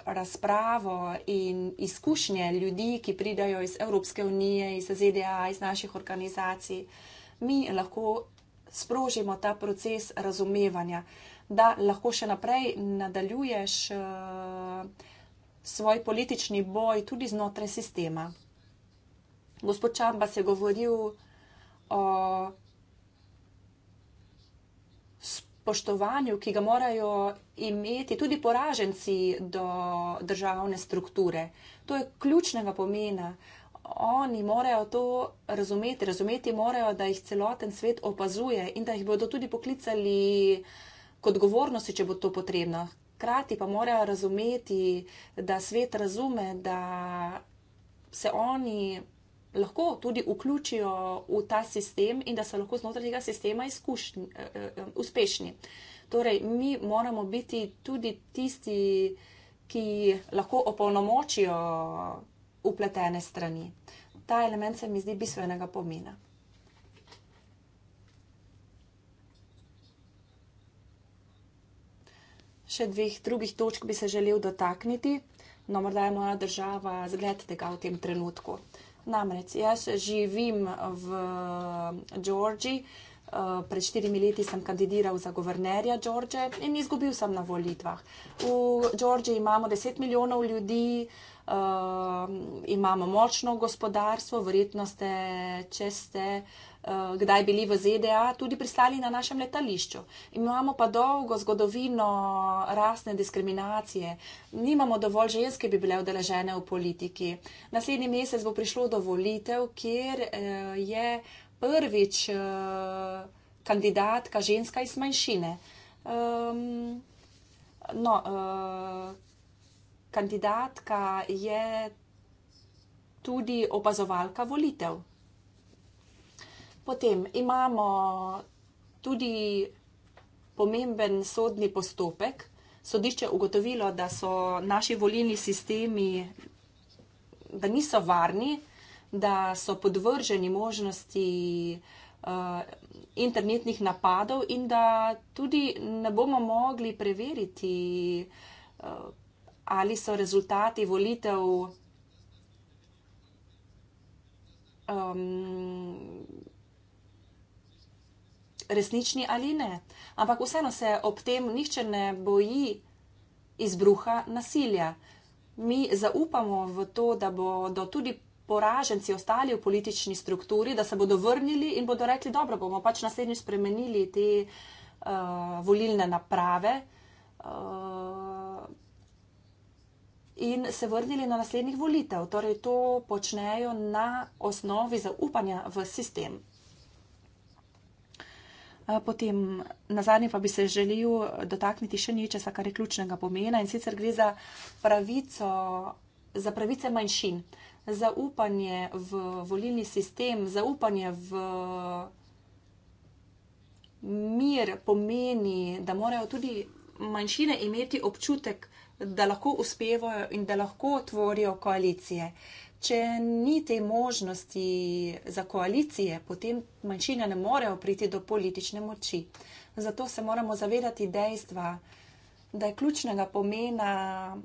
razpravo in izkušnje ljudi, ki pridajo iz Evropske unije, iz ZDA, iz naših organizacij. Mi lahko sprožimo ta proces razumevanja, da lahko še naprej nadaljuješ eh, svoj politični boj tudi znotraj sistema. Gospod Čamba se je govoril o spoštovanju, ki ga morajo imeti tudi poraženci do državne strukture. To je ključnega pomena. Oni morajo to razumeti, razumeti morajo, da jih celoten svet opazuje in da jih bodo tudi poklicali kot odgovornosti, če bo to potrebno. Hkrati pa morajo razumeti, da svet razume, da se oni lahko tudi vključijo v ta sistem in da so lahko znotraj tega sistema izkušnji, eh, eh, eh, uspešni. Torej, mi moramo biti tudi tisti, ki lahko opolnomočijo upletene strani. Ta element se mi zdi bistvenega pomena. Še dveh drugih točk bi se želel dotakniti, no morda je moja država zgled tega v tem trenutku. Namreč jaz živim v Džordžiji. Eh, eh, pred štirimi leti sem kandidiral za guvernerja Džordže in izgubil sem na volitvah. V Džordžiji imamo 10 milijonov ljudi, eh, imamo močno gospodarstvo, verjetno ste, če ste Eh, kdaj bili v ZDA, tudi pristali na našem letališču. Imamo pa dolgo zgodovino rasne diskriminacije, nimamo dovolj žensk, ki bi bile udeležene v politiki. Naslednji mesec bo prišlo do volitev, kjer eh, je prvič eh, kandidatka ženska iz manjšine. No, kandidatka je tudi opazovalka volitev. Potem imamo tudi pomemben sodni postopek. Sodišče je ugotovilo, da so naši volilni sistemi, da niso varni, da so podvrženi možnosti uh, internetnih napadov in da tudi ne bomo mogli preveriti, uh, ali so rezultati volitev. Um, resnični ali ne. Ampak vseeno se ob tem nihče ne boji izbruha nasilja. Mi zaupamo v to, da bodo tudi poraženci ostali v politični strukturi, da se bodo vrnili in bodo rekli, dobro, bomo pač naslednjič spremenili te uh, volilne naprave. Uh, In se vrnili na naslednjih volitev. Torej, to počnejo na osnovi zaupanja v sistem. Eh, potem na zadnje pa bi se želel dotakniti še nečesa, kar je ključnega pomena in sicer gre za pravico, za pravice manjšin, za upanje v volilni sistem, za upanje v mir pomeni, da morajo tudi manjšine imeti občutek, da lahko uspevajo in da lahko tvorijo koalicije. Uh, če ni te možnosti za koalicije, potem manjšine ne morejo priti do politične moči. Zato se moramo zavedati dejstva, da je ključnega pomena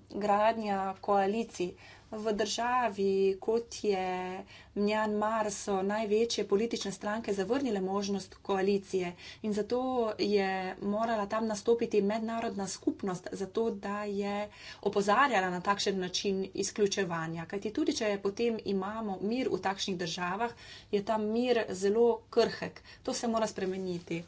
gradnja koalicij. V državi, kot je Mjanmar, so največje politične stranke zavrnile možnost koalicije in zato je morala tam nastopiti mednarodna skupnost, zato da je opozarjala na takšen način izključevanja. Kajti tudi, če potem imamo mir v takšnih državah, je ta mir zelo krhek. To se mora spremeniti.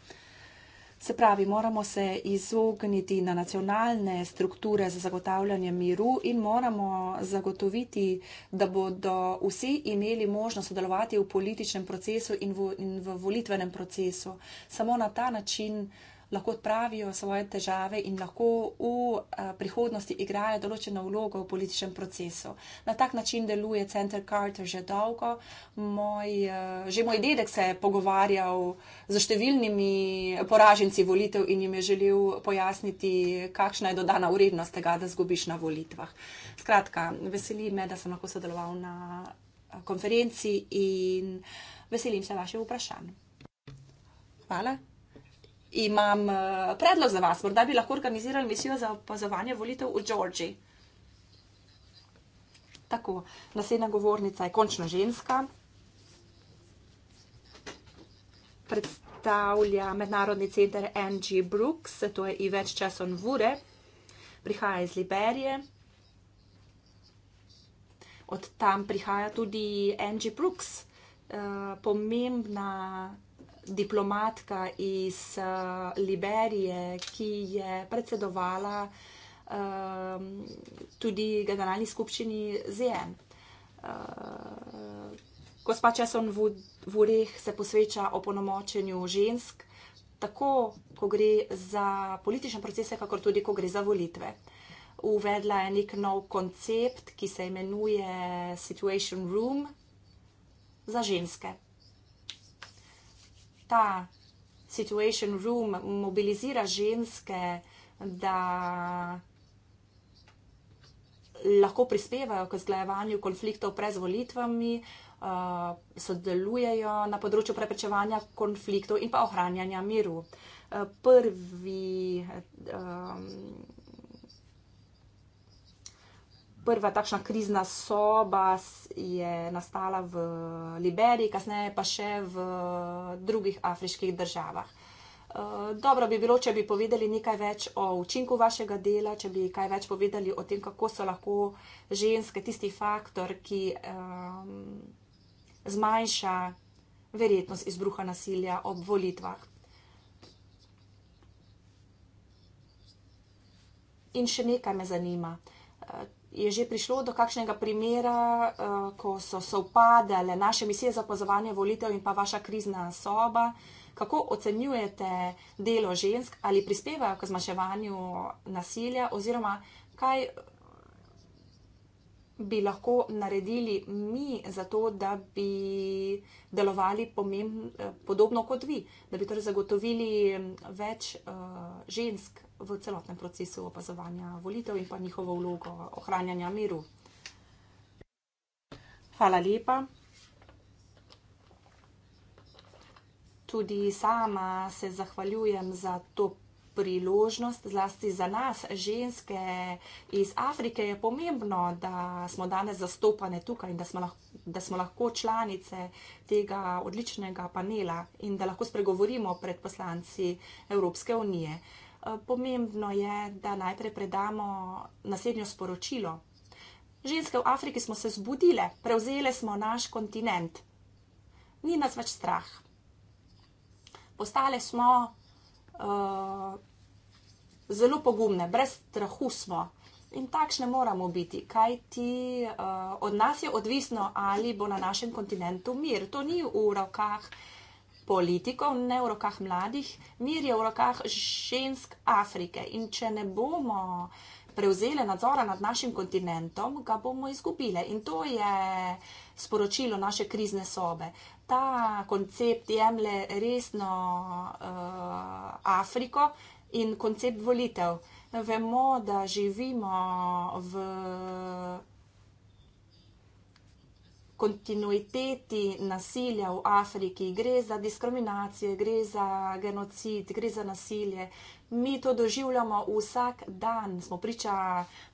Se pravi, moramo se izogniti na nacionalne strukture za zagotavljanje miru in moramo zagotoviti, da bodo vsi imeli možnost sodelovati v političnem procesu in v, in v volitvenem procesu. Samo na ta način lahko odpravijo svoje težave in lahko v eh, prihodnosti igrajo določeno vlogo v političnem procesu. Na tak način deluje Center Carter že dolgo. Moj, eh, že moj dedek se je pogovarjal z številnimi poraženci volitev in jim je želel pojasniti, kakšna je dodana urednost tega, da zgubiš na volitvah. Skratka, veseli me, da sem lahko sodeloval na eh, konferenci in veselim se vaših vprašanj. Hvala imam uh, predlog za vas. Morda bi lahko organizirali misijo za opazovanje volitev v Georgiji. Tako, naslednja govornica je končno ženska. Predstavlja mednarodni center NG Brooks, to je Iveč Čason Vure, prihaja iz Liberije. Od tam prihaja tudi NG Brooks, uh, pomembna diplomatka iz uh, Liberije, ki je predsedovala uh, tudi generalni skupščini ZN. Uh, eh, gospa Česon v ureh se posveča o ponomočenju žensk, tako ko gre za politične procese, kakor tudi ko gre za volitve. Uvedla je nek nov koncept, ki se imenuje Situation Room za ženske ta situation room mobilizira ženske, da lahko prispevajo k zglajevanju konfliktov pred volitvami, uh, sodelujejo na področju preprečevanja konfliktov in pa ohranjanja miru. Uh, prvi um, prva takšna krizna soba je nastala v Liberiji, kasneje pa še v drugih afriških državah. Eh, dobro bi bilo, če bi povedali nekaj več o učinku vašega dela, če bi kaj več povedali o tem, kako so lahko ženske tisti faktor, ki um, zmanjša verjetnost izbruha nasilja ob volitvah. In še nekaj me zanima. Eh, je že prišlo do kakšnega primera, eh, ko so se upadale naše misije za opazovanje volitev in pa vaša krizna soba. Kako ocenjujete delo žensk, ali prispevajo k zmanjševanju nasilja, oziroma kaj bi lahko naredili mi za to, da bi delovali pomembn, podobno kot vi, da bi torej zagotovili več uh, žensk v celotnem procesu opazovanja volitev in pa njihovo vlogo ohranjanja miru. Hvala lepa. Tudi sama se zahvaljujem za to priložnost, zlasti za nas, ženske iz Afrike, je pomembno, da smo danes zastopane tukaj in da smo, lahko, da smo lahko članice tega odličnega panela in da lahko spregovorimo pred poslanci Evropske unije. Eh, pomembno je, da najprej predamo naslednjo sporočilo. Ženske v Afriki smo se zbudile, prevzele smo naš kontinent. Ni nas več strah. Postale smo uh, zelo pogumne, brez strahu smo. In takšne moramo biti, kaj ti uh, eh, od nas je odvisno, ali bo na našem kontinentu mir. To ni v rokah politikov, ne v rokah mladih, mir je v rokah žensk Afrike. In če ne bomo prevzeli nadzora nad našim kontinentom, ga bomo izgubile. In to je sporočilo naše krizne sobe ta koncept jemlje resno uh, Afriko in koncept volitev. Vemo, da živimo v kontinuiteti nasilja v Afriki. Gre za diskriminacije, gre za genocid, gre za nasilje, mi to doživljamo vsak dan, smo priča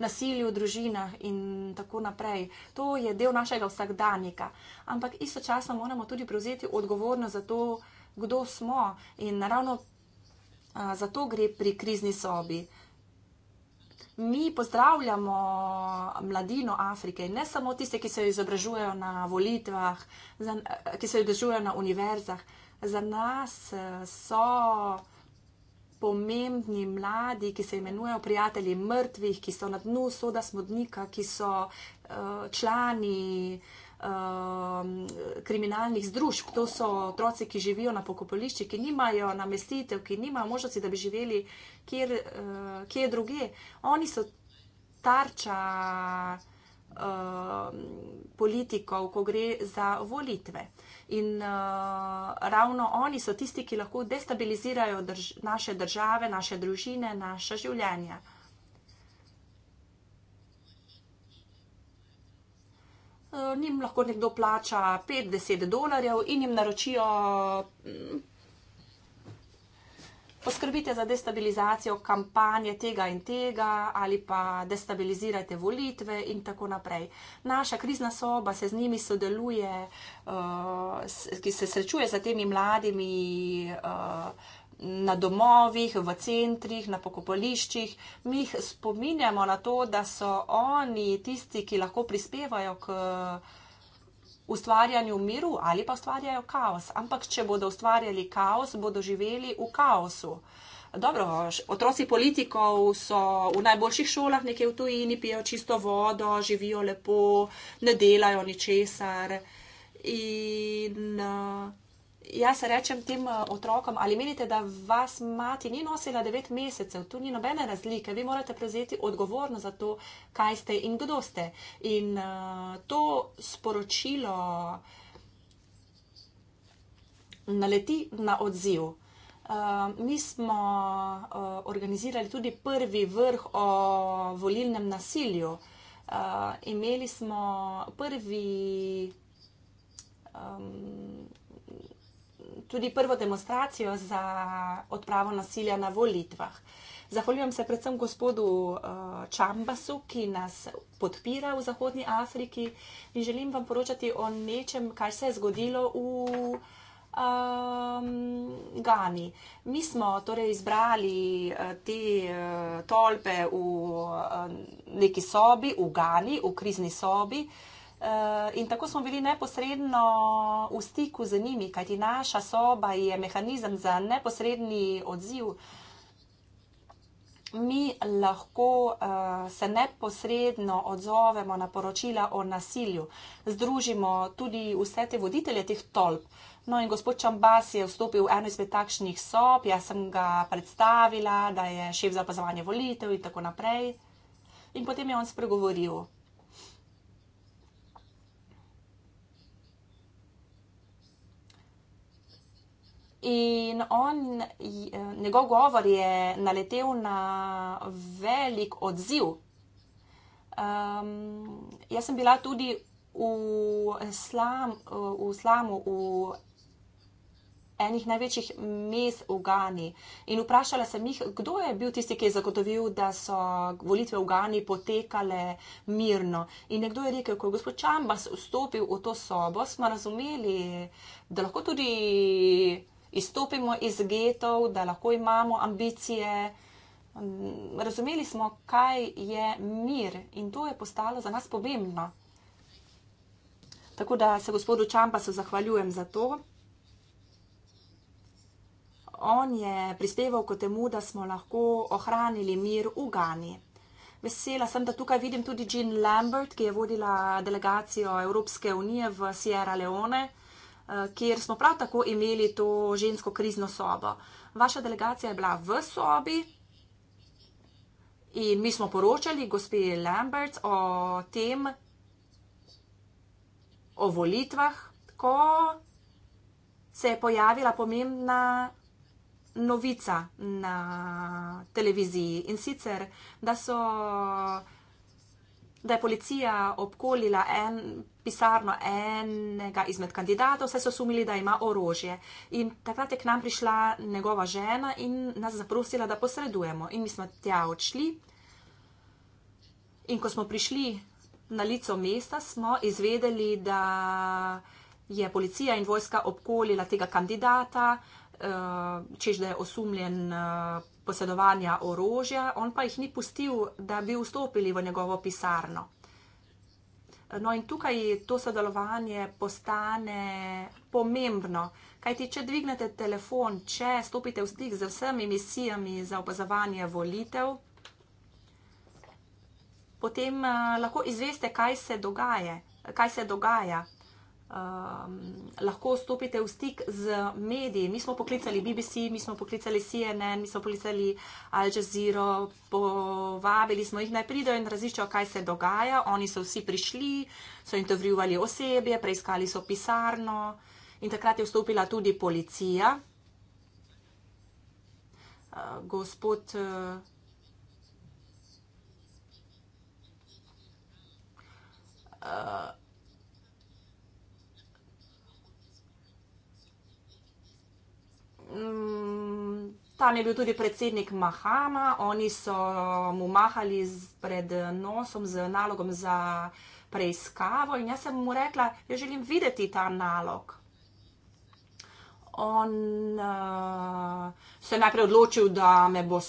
nasilju v družinah in tako naprej. To je del našega vsakdanjika. Ampak istočasno moramo tudi prevzeti odgovornost za to, kdo smo in naravno a, zato gre pri krizni sobi. Mi pozdravljamo mladino Afrike in ne samo tiste, ki se izobražujejo na volitvah, ki se izobražujejo na univerzah. Za nas so pomembni mladi, ki se imenujejo prijatelji mrtvih, ki so na dnu soda smodnika, ki so uh, člani uh, kriminalnih združb. To so otroci, ki živijo na pokopališči, ki nimajo namestitev, ki nimajo možnosti, da bi živeli kjer, uh, eh, kjer druge. Oni so tarča uh, politikov, ko gre za volitve. Uh, In uh, ravno oni so tisti, ki lahko destabilizirajo drž naše države, naše družine, naše življenje. Uh, njim lahko nekdo plača 5-10 dolarjev in jim naročijo poskrbite za destabilizacijo kampanje tega in tega, ali pa destabilizirajte volitve in tako naprej. Naša krizna soba se z njimi sodeluje, uh, ki se srečuje z temi mladimi. Uh, Na domovih, v centrih, na pokopališčih, mi jih spominjamo na to, da so oni tisti, ki lahko prispevajo k uh, ustvarjanju miru ali pa ustvarjajo kaos. Ampak, če bodo ustvarjali kaos, bodo živeli v kaosu. Dobro, otroci politikov so v najboljših šolah, nekje v tujini, pijejo čisto vodo, živijo lepo, ne delajo ničesar. In. Uh, jaz se rečem tem eh, otrokom, ali menite, da vas mati ni nosila devet mesecev, tu ni nobene razlike, vi morate prevzeti odgovorno za to, kaj ste in kdo ste. In uh, to sporočilo naleti na odziv. Uh, mi smo uh, organizirali tudi prvi vrh o volilnem nasilju. Uh, imeli smo prvi um, tudi prvo demonstracijo za odpravo nasilja na volitvah. Zahvaljujem se predvsem gospodu uh, Čambasu, ki nas podpira v Zahodnji Afriki in želim vam poročati o nečem, kar se je zgodilo v um, Gani. Mi smo torej izbrali uh, te uh, tolpe v uh, neki sobi, v Gani, v krizni sobi. Uh, Eh, in tako smo bili neposredno v stiku z njimi, kajti naša soba je mehanizem za neposredni odziv. Mi lahko uh, se neposredno odzovemo na poročila o nasilju. Združimo tudi vse te voditelje teh tolp. No in gospod Čambas je vstopil v eno izmed takšnih sob, jaz sem ga predstavila, da je šef za opazovanje volitev in tako naprej. In potem je on spregovoril. In on, njegov govor je naletel na velik odziv. Um, jaz sem bila tudi v, slam, v slamu, v enih največjih mest v Gani. In vprašala sem jih, kdo je bil tisti, ki je zagotovil, da so volitve v Gani potekale mirno. In nekdo je rekel, ko je gospod Čambas vstopil v to sobo, smo razumeli, da lahko tudi izstopimo iz getov, da lahko imamo ambicije. Razumeli smo, kaj je mir in to je postalo za nas pomembno. Tako da se gospodu Čampasu zahvaljujem za to. On je prispeval k temu, da smo lahko ohranili mir v Gani. Vesela sem, da tukaj vidim tudi Jean Lambert, ki je vodila delegacijo Evropske unije v Sierra Leone. Eh, kjer smo prav tako imeli to žensko krizno sobo. Vaša delegacija je bila v sobi in mi smo poročali gospe Lambert o tem, o volitvah, ko se je pojavila pomembna novica na televiziji in sicer, da so da je policija obkolila en, pisarno enega izmed kandidatov, saj so sumili, da ima orožje. In takrat je k nam prišla njegova žena in nas zaprosila, da posredujemo. In mi smo tja odšli. In ko smo prišli na lico mesta, smo izvedeli, da je policija in vojska obkolila tega kandidata, eh, čež da je osumljen eh, posedovanja orožja, on pa jih ni pustil, da bi vstopili v njegovo pisarno. No, in tukaj to sodelovanje postane pomembno, kajti če dvignete telefon, če stopite v stik z vsemi misijami za opazovanje volitev, potem uh, lahko izveste, kaj se dogaja, kaj se dogaja um, lahko stopite v stik z mediji. Mi smo poklicali BBC, mi smo poklicali CNN, mi smo poklicali Al Jazeera, povabili smo jih naj pridejo in raziščijo, kaj se dogaja. Oni so vsi prišli, so intervjuvali osebje, preiskali so pisarno in takrat je vstopila tudi policija. Uh, gospod. Uh, Uh, tam je bil tudi predsednik Mahama, oni so mu mahali z, pred nosom z nalogom za preiskavo in jaz sem mu rekla, da ja želim videti ta nalog. On uh, se je najprej odločil, da me, bo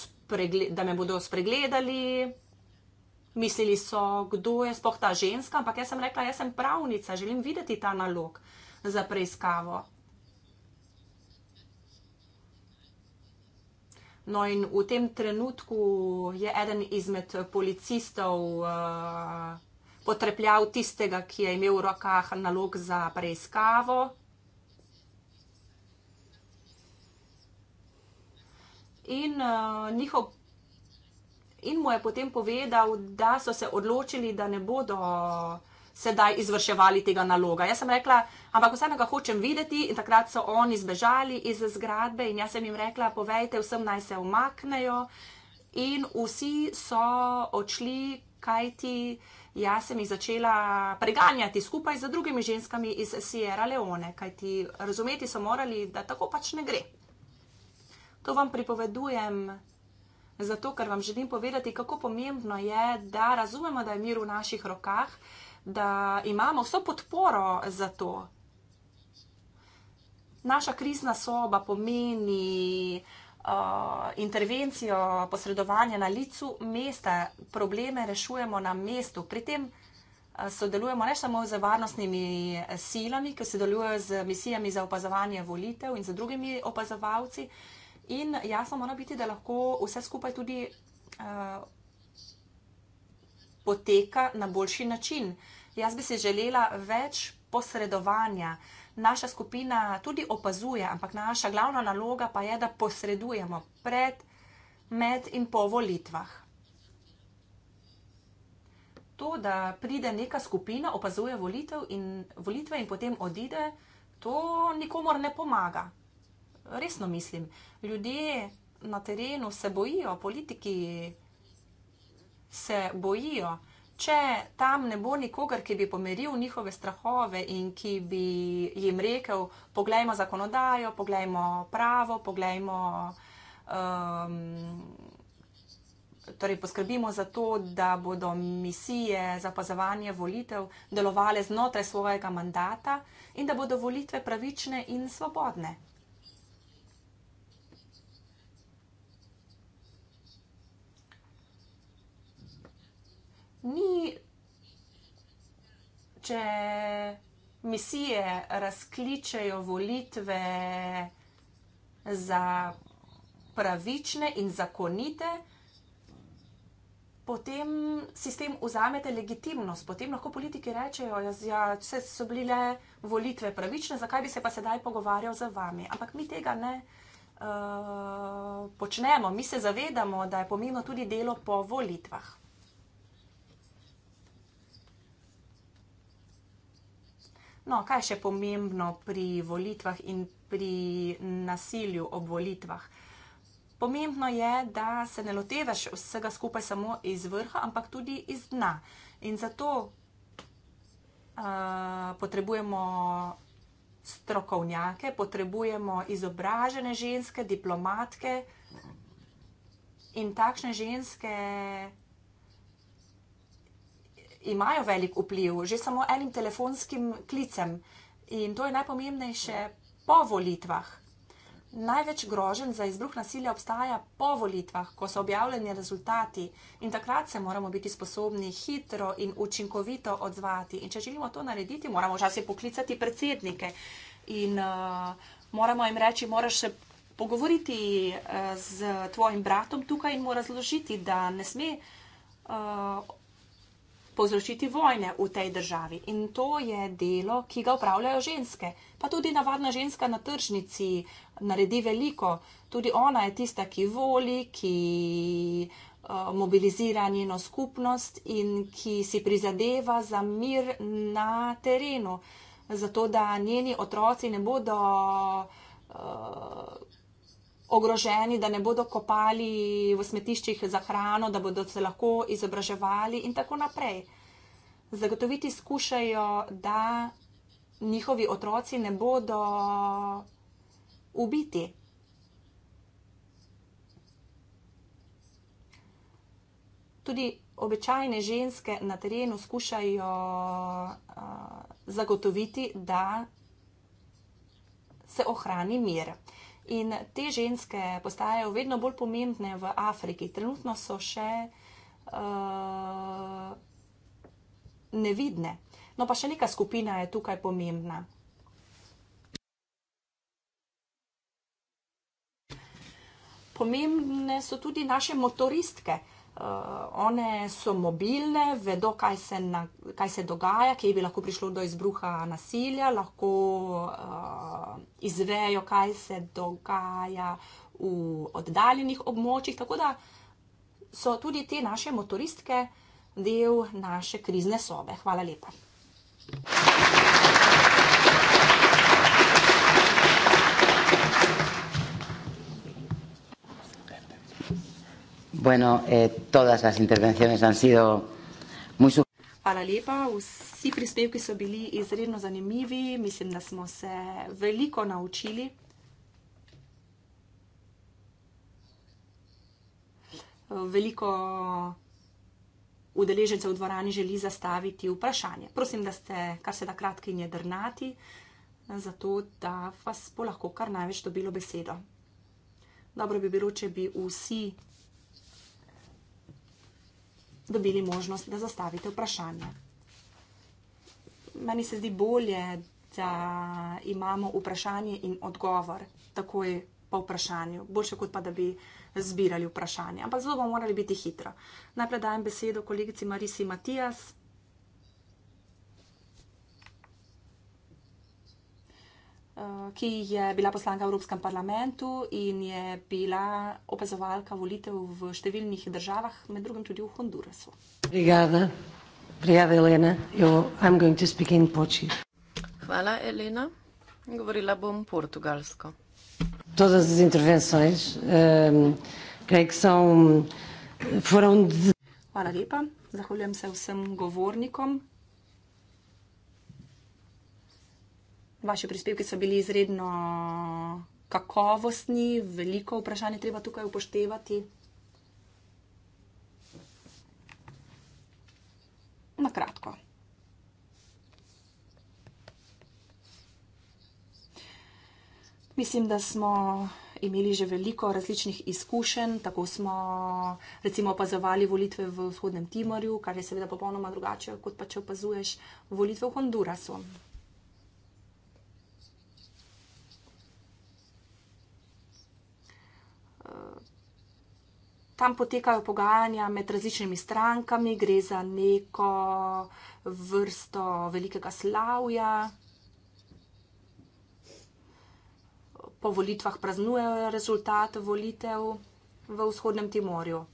da me bodo spregledali, mislili so, kdo je spoh ta ženska, ampak jaz sem rekla, jaz sem pravnica, želim videti ta nalog za preiskavo. No, in v tem trenutku je eden izmed policistov uh, potrepljal tistega, ki je imel v rokah nalog za preiskavo. In, uh, njihov, in mu je potem povedal, da so se odločili, da ne bodo. Uh, sedaj izvrševali tega naloga. Jaz sem rekla, ampak vseeno ga hočem videti in takrat so oni zbežali iz zgradbe in jaz sem jim rekla, povejte vsem naj se umaknejo in vsi so odšli, kajti jaz sem jih začela preganjati skupaj z drugimi ženskami iz Sierra Leone, kajti razumeti so morali, da tako pač ne gre. To vam pripovedujem. Zato, ker vam želim povedati, kako pomembno je, da razumemo, da je mir v naših rokah da imamo vso podporo za to. Naša krizna soba pomeni uh, intervencijo, posredovanje na licu mesta, probleme rešujemo na mestu. Pri tem uh, sodelujemo ne samo z varnostnimi eh, silami, ki sodelujejo z misijami za opazovanje volitev in z drugimi opazovalci. In jasno mora biti, da lahko vse skupaj tudi. Uh, poteka na boljši način. Jaz bi si želela več posredovanja. Naša skupina tudi opazuje, ampak naša glavna naloga pa je, da posredujemo pred, med in po volitvah. To, da pride neka skupina, opazuje volitev in, volitve in potem odide, to nikomor ne pomaga. Resno mislim, ljudje na terenu se bojijo, politiki se bojijo. Če tam ne bo nikogar, ki bi pomeril njihove strahove in ki bi jim rekel, poglejmo zakonodajo, poglejmo pravo, poglejmo, um, torej poskrbimo za to, da bodo misije za pazovanje volitev delovale znotraj svojega mandata in da bodo volitve pravične in svobodne. ni, če misije razkličejo volitve za pravične in zakonite, potem sistem vzamete legitimnost, potem lahko politiki rečejo, da ja, ja so bile volitve pravične, zakaj bi se pa sedaj pogovarjal z vami. Ampak mi tega ne. Eh, počnemo, mi se zavedamo, da je pomembno tudi delo po volitvah. No, kaj je še pomembno pri volitvah in pri nasilju ob volitvah? Pomembno je, da se ne lotevaš vsega skupaj samo iz vrha, ampak tudi iz dna. In zato uh, potrebujemo strokovnjake, potrebujemo izobražene ženske, diplomatke in takšne ženske imajo velik vpliv, že samo enim telefonskim klicem. In to je najpomembnejše po volitvah. Največ grožen za izbruh nasilja obstaja po volitvah, ko so objavljeni rezultati in takrat se moramo biti sposobni hitro in učinkovito odzvati. In če želimo to narediti, moramo včasih poklicati predsednike in uh, moramo jim reči, moraš se pogovoriti uh, z tvojim bratom tukaj in mu razložiti, da ne sme uh, povzročiti vojne v tej državi. In to je delo, ki ga upravljajo ženske. Pa tudi navadna ženska na tržnici naredi veliko. Tudi ona je tista, ki voli, ki eh, mobilizira njeno skupnost in ki si prizadeva za mir na terenu. Zato, da njeni otroci ne bodo. Eh, ogroženi, da ne bodo kopali v smetiščih za hrano, da bodo se lahko izobraževali in tako naprej. Zagotoviti skušajo, da njihovi otroci ne bodo ubiti. Tudi običajne ženske na terenu skušajo uh, zagotoviti, da se ohrani mir. In te ženske postajajo vedno bolj pomembne v Afriki. Trenutno so še uh, nevidne. No, pa še neka skupina je tukaj pomembna. Pomembne so tudi naše motoristke. Uh, uh, one so mobilne, vedo, kaj se, na, kaj se dogaja, kje bi lahko prišlo do izbruha nasilja, lahko uh, izvejo, kaj se dogaja v oddaljenih območjih. Tako da so tudi te naše motoristke del naše krizne sobe. Hvala lepa. Thank you. Bueno, eh, todas las intervenciones han sido muy Hvala lepa, vsi prispevki so bili izredno zanimivi, mislim, da smo se veliko naučili. Veliko udeležencev v dvorani želi zastaviti vprašanje. Prosim, da ste kar se da kratki in jedrnati, zato da vas bo lahko kar največ dobilo besedo. Dobro bi bilo, če bi vsi dobili možnost, da zastavite vprašanje. Meni se zdi bolje, da imamo vprašanje in odgovor takoj po vprašanju, boljše kot pa, da bi zbirali vprašanje. Ampak zelo bomo morali biti hitro. Najprej dajem besedo kolegici Marisi Matijas, Eh, ki je bila poslanka v Evropskem parlamentu in je bila opazovalka volitev v številnih državah, med drugim tudi v Hondurasu. Obrigada. Prijave Elena, jo, I'm going to speak in poči. Hvala, Elena. Govorila bom portugalsko. Todas as intervenções, um, creio que são, foram... De... Hvala lepa. Zahvaljujem se vsem govornikom. Vaši prispevki so bili izredno kakovostni, veliko vprašanj je treba tukaj upoštevati. Na kratko. Mislim, da smo imeli že veliko različnih izkušenj. Tako smo recimo opazovali volitve v Vzhodnem Timorju, kar je seveda popolnoma drugače, kot pa če opazuješ volitve v Hondurasu. tam potekajo pogajanja med različnimi strankami, gre za neko vrsto velikega slavja. Po volitvah praznujejo rezultat volitev v vzhodnem Timorju.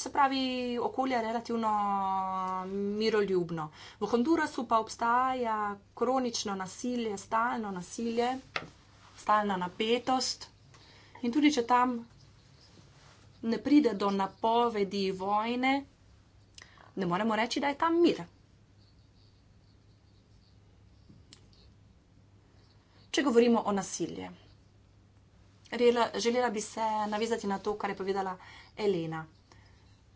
Se pravi, okolje je relativno miroljubno. V Hondurasu pa obstaja kronično nasilje, stalno nasilje, stalna napetost. In tudi, če tam ne pride do napovedi vojne, ne moremo reči, da je tam mir. Če govorimo o nasilju, želela bi se navezati na to, kar je povedala Elena.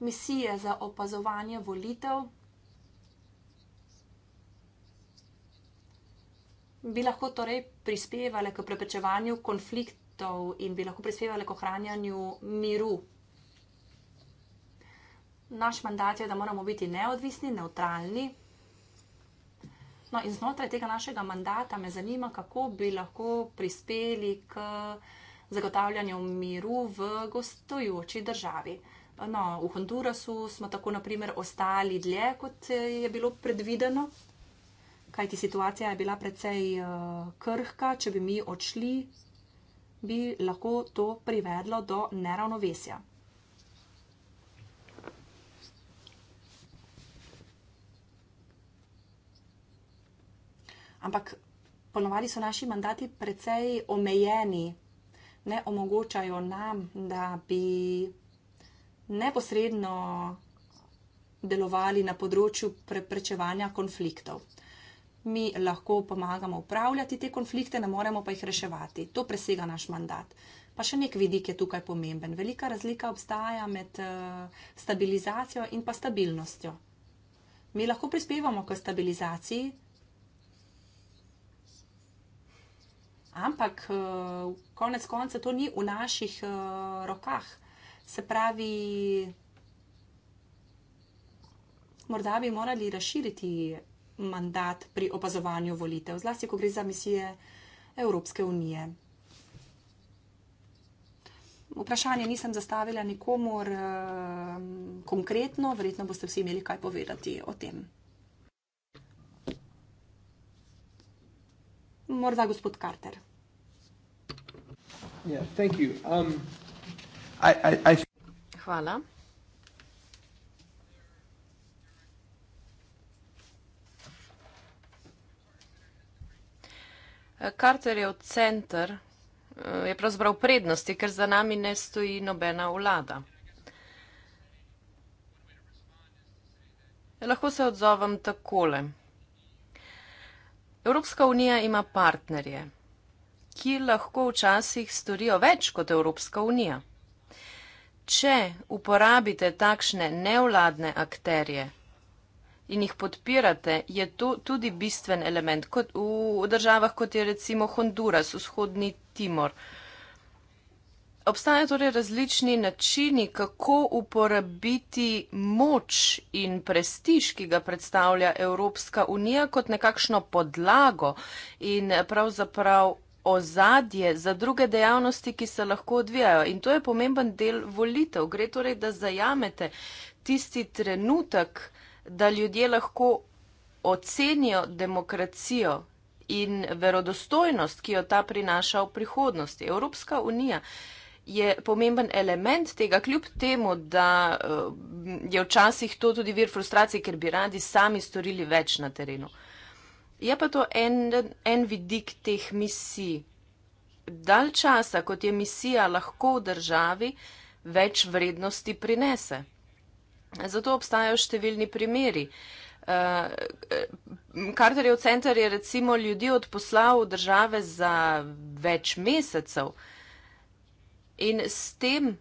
Misije za opazovanje volitev bi lahko torej prispevale k preprečevanju konfliktov in bi lahko prispevale k ohranjanju miru naš mandat je, da moramo biti neodvisni, neutralni. No, in znotraj tega našega mandata me zanima, kako bi lahko prispeli k zagotavljanju miru v gostujoči državi. No, v Hondurasu smo tako naprimer ostali dlje, kot je bilo predvideno, kajti situacija je bila precej eh, krhka. Če bi mi odšli, bi lahko to privedlo do neravnovesja. ampak ponovadi so naši mandati precej omejeni, ne omogočajo nam, da bi neposredno delovali na področju preprečevanja konfliktov. Mi lahko pomagamo upravljati te konflikte, ne moremo pa jih reševati. To presega naš mandat. Pa še nek vidik je tukaj pomemben. Velika razlika obstaja med eh, stabilizacijo in pa stabilnostjo. Mi lahko prispevamo k stabilizaciji, Ampak eh, konec konca to ni v naših eh, rokah. Se pravi, morda bi morali razširiti mandat pri opazovanju volitev, zlasti, ko gre za misije Evropske unije. Vprašanje nisem zastavila nikomor eh, konkretno, verjetno boste vsi imeli kaj povedati o tem. Morda gospod Carter. Um, Hvala. Carterjev center eh, je pravzaprav v prednosti, ker za nami ne stoji nobena vlada. Lahko se odzovem takole. Evropska unija ima partnerje ki lahko včasih storijo več kot Evropska unija. Če uporabite takšne nevladne akterje in jih podpirate, je to tudi bistven element kot v državah, kot je recimo Honduras, vzhodni Timor. Obstajajo torej različni načini, kako uporabiti moč in prestiž, ki ga predstavlja Evropska unija, kot nekakšno podlago in pravzaprav ozadje za druge dejavnosti, ki se lahko odvijajo. In to je pomemben del volitev. Gre torej, da zajamete tisti trenutek, da ljudje lahko ocenijo demokracijo in verodostojnost, ki jo ta prinaša v prihodnosti. Evropska unija je pomemben element tega, kljub temu, da eh, je včasih to tudi vir frustracije, ker bi radi sami storili več na terenu. Je pa to en, en vidik teh misij. Dalj časa, kot je misija lahko v državi, več vrednosti prinese. Zato obstajajo številni primeri. Eh, Carterjev center je recimo ljudi odposlal v države za več mesecev in s tem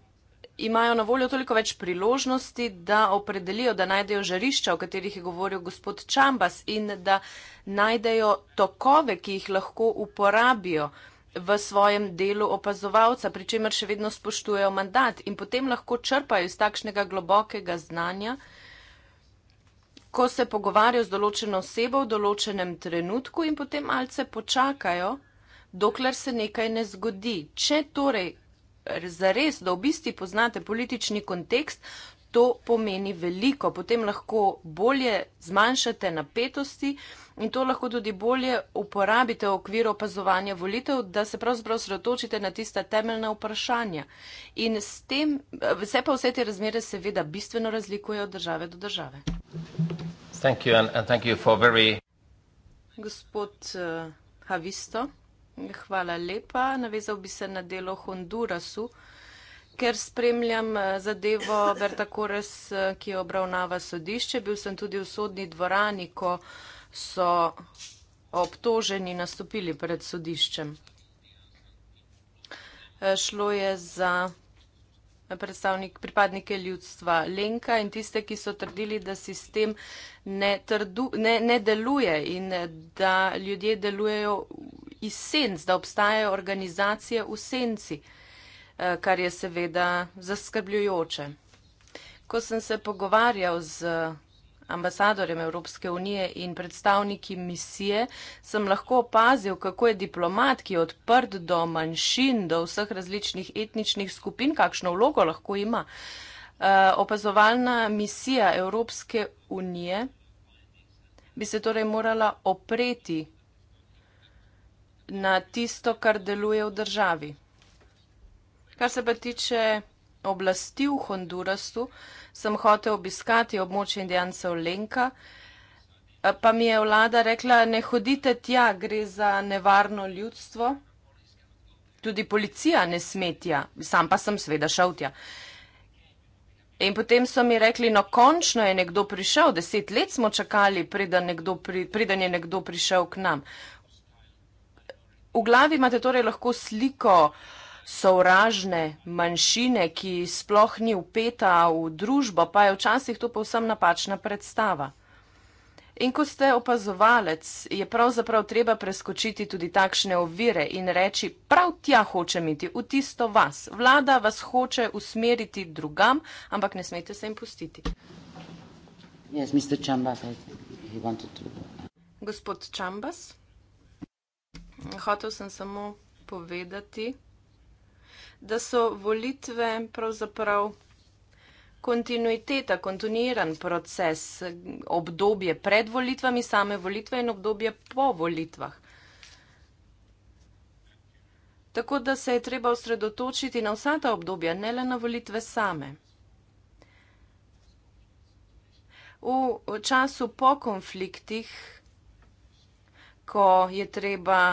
imajo na voljo toliko več priložnosti, da opredelijo, da najdejo žarišča, o katerih je govoril gospod Čambas in da najdejo tokove, ki jih lahko uporabijo v svojem delu opazovalca, pri čemer še vedno spoštujejo mandat in potem lahko črpajo iz takšnega globokega znanja, ko se pogovarjajo z določeno osebo v določenem trenutku in potem malce počakajo, dokler se nekaj ne zgodi. Če torej zares, da v bistvu poznate politični kontekst, to pomeni veliko. Potem lahko bolje zmanjšate napetosti in to lahko tudi bolje uporabite v okviru opazovanja volitev, da se pravzaprav sredotočite na tista temeljna vprašanja. In s tem, vse pa vse te razmere seveda bistveno razlikujejo od države do države. Thank you and, and thank you for very. Gospod uh, Havisto. Hvala lepa. Navezal bi se na delo Hondurasu, ker spremljam eh, zadevo Berta Kores, eh, ki jo obravnava sodišče. Bil sem tudi v sodni dvorani, ko so obtoženi nastopili pred sodiščem. Eh, šlo je za predstavnik pripadnike ljudstva Lenka in tiste, ki so trdili, da sistem ne, trdu, ne, ne deluje in da ljudje delujejo iz senc, da obstajajo organizacije v senci, eh, kar je seveda zaskrbljujoče. Ko sem se pogovarjal z ambasadorjem Evropske unije in predstavniki misije, sem lahko opazil, kako je diplomat, ki je odprt do manjšin, do vseh različnih etničnih skupin, kakšno vlogo lahko ima. Eh, opazovalna misija Evropske unije bi se torej morala opreti na tisto, kar deluje v državi. Kar se pa tiče oblasti v Hondurasu, sem hotel obiskati območje Indijancev Lenka, pa mi je vlada rekla, ne hodite tja, gre za nevarno ljudstvo, tudi policija ne sme tja, sam pa sem seveda šel tja. In potem so mi rekli, no končno je nekdo prišel, deset let smo čakali, preden, nekdo pri, preden je nekdo prišel k nam v glavi imate torej lahko sliko sovražne manjšine, ki sploh ni upeta v družbo, pa je včasih to povsem napačna predstava. In ko ste opazovalec, je pravzaprav treba preskočiti tudi takšne ovire in reči, prav tja hoče miti, v tisto vas. Vlada vas hoče usmeriti drugam, ampak ne smete se jim pustiti. Yes, Gospod Čambas. Hotel sem samo povedati, da so volitve pravzaprav kontinuiteta, kontinuiran proces, obdobje pred volitvami, same volitve in obdobje po volitvah. Tako da se je treba osredotočiti na vsa ta obdobja, ne le na volitve same. V času po konfliktih, ko je treba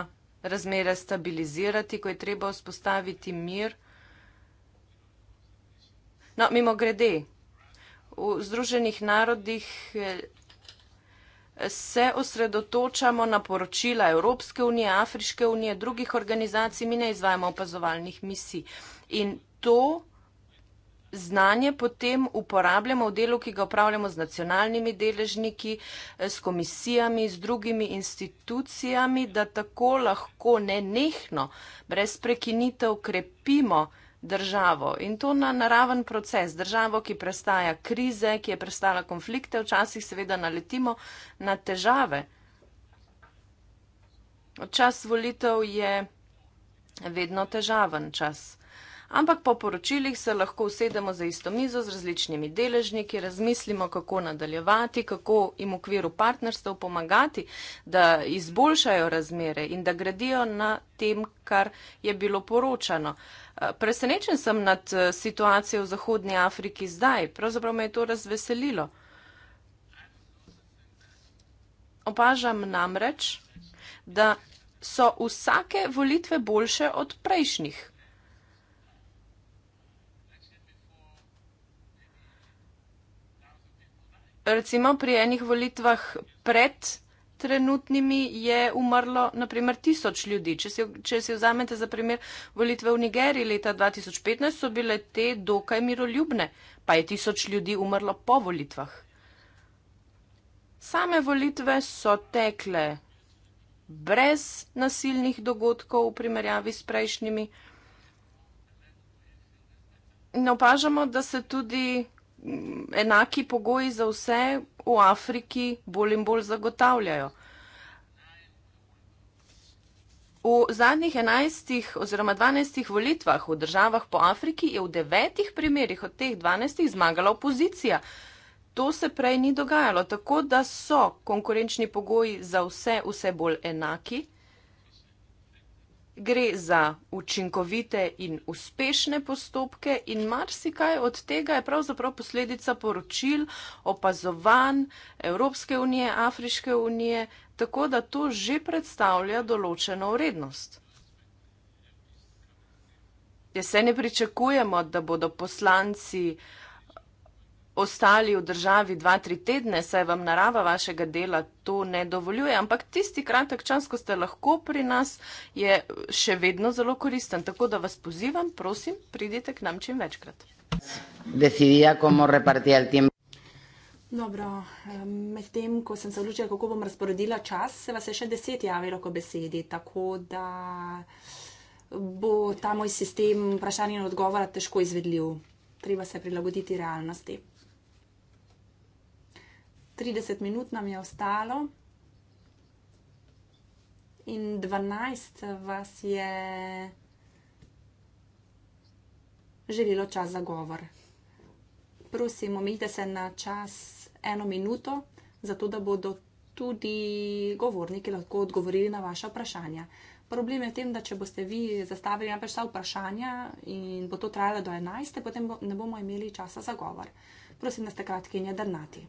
razmere stabilizirati, ko je treba vzpostaviti mir. No, mimo grede, v Združenih narodih eh, se osredotočamo na poročila Evropske unije, Afriške unije, drugih organizacij, mi ne izvajamo opazovalnih misij. In to znanje potem uporabljamo v delu, ki ga upravljamo z nacionalnimi deležniki, eh, s komisijami, z drugimi institucijami, da tako lahko nenehno, brez prekinitev, krepimo državo in to na naraven proces, državo, ki prestaja krize, ki je prestala konflikte, včasih seveda naletimo na težave. Čas volitev je vedno težaven čas ampak po poročilih se lahko usedemo za isto mizo z različnimi deležniki, razmislimo, kako nadaljevati, kako jim v okviru partnerstva pomagati, da izboljšajo razmere in da gradijo na tem, kar je bilo poročano. Eh, presenečen sem nad eh, situacijo v Zahodnji Afriki zdaj, pravzaprav me je to razveselilo. Opažam namreč, da so vsake volitve boljše od prejšnjih. recimo pri enih volitvah pred trenutnimi je umrlo naprimer tisoč ljudi. Če si, če si vzamete za primer volitve v Nigeriji leta 2015, so bile te dokaj miroljubne, pa je tisoč ljudi umrlo po volitvah. Same volitve so tekle brez nasilnih dogodkov v primerjavi s prejšnjimi. In opažamo, da se tudi enaki pogoji za vse v Afriki bolj in bolj zagotavljajo. V zadnjih 11 oziroma 12 volitvah v državah po Afriki je v devetih primerjih od teh 12 zmagala opozicija. To se prej ni dogajalo, tako da so konkurenčni pogoji za vse vse bolj enaki gre za učinkovite in uspešne postopke in marsikaj od tega je pravzaprav posledica poročil, opazovanj Evropske unije, Afriške unije, tako da to že predstavlja določeno vrednost. Jaz se ne pričakujemo, da bodo poslanci ostali v državi dva, tri tedne, saj vam narava vašega dela to ne dovoljuje, ampak tisti kratek čas, ko ste lahko pri nas, je še vedno zelo koristen. Tako da vas pozivam, prosim, pridite k nam čim večkrat. Decidija, kako repartija el tiempo. Dobro, medtem, ko sem se odločila, kako bom razporedila čas, se vas je še deset javilo k besedi, tako da bo ta moj sistem vprašanja in odgovora težko izvedljiv. Treba se prilagoditi realnosti. 30 minut nam je ostalo in 12 vas je želelo čas za govor. Prosim, omejite se na čas eno minuto, zato da bodo tudi govorniki lahko odgovorili na vaše vprašanja. Problem je v tem, da če boste vi zastavili največ vsa vprašanja in bo to trajalo do 11, potem bo, ne bomo imeli časa za govor. Prosim, da ste kratki in jedrnati.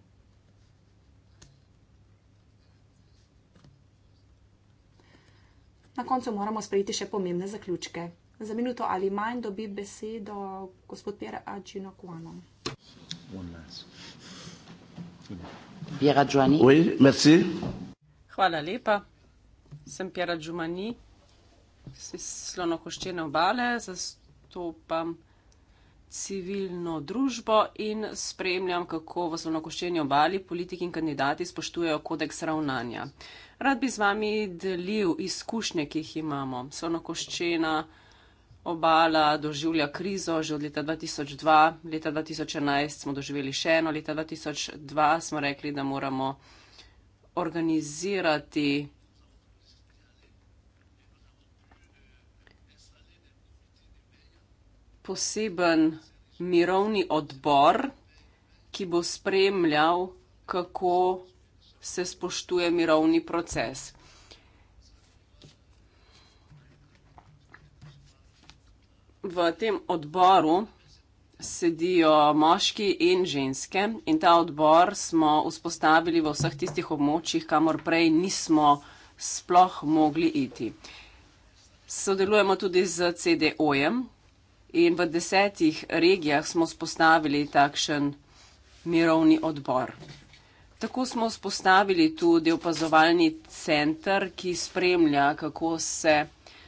Na koncu moramo sprejeti še pomembne zaključke. Za minuto ali manj dobi besedo gospod Pierre Agino Kuano. Hvala lepa. Sem Pierre Agino Kuano, slonokoščene obale, zastopam civilno družbo in spremljam, kako v slonokoščeni obali politiki in kandidati spoštujejo kodeks ravnanja. Rad bi z vami delil izkušnje, ki jih imamo. Slonokoščena obala doživlja krizo že od leta 2002, leta 2011 smo doživeli še eno, leta 2002 smo rekli, da moramo organizirati poseben mirovni odbor, ki bo spremljal, kako se spoštuje mirovni proces. V tem odboru sedijo moški in ženske in ta odbor smo vzpostavili v vseh tistih območjih, kamor prej nismo sploh mogli iti. Sodelujemo tudi z CDO-jem, in v desetih regijah smo spostavili takšen mirovni odbor. Tako smo spostavili tudi opazovalni center, ki spremlja, kako se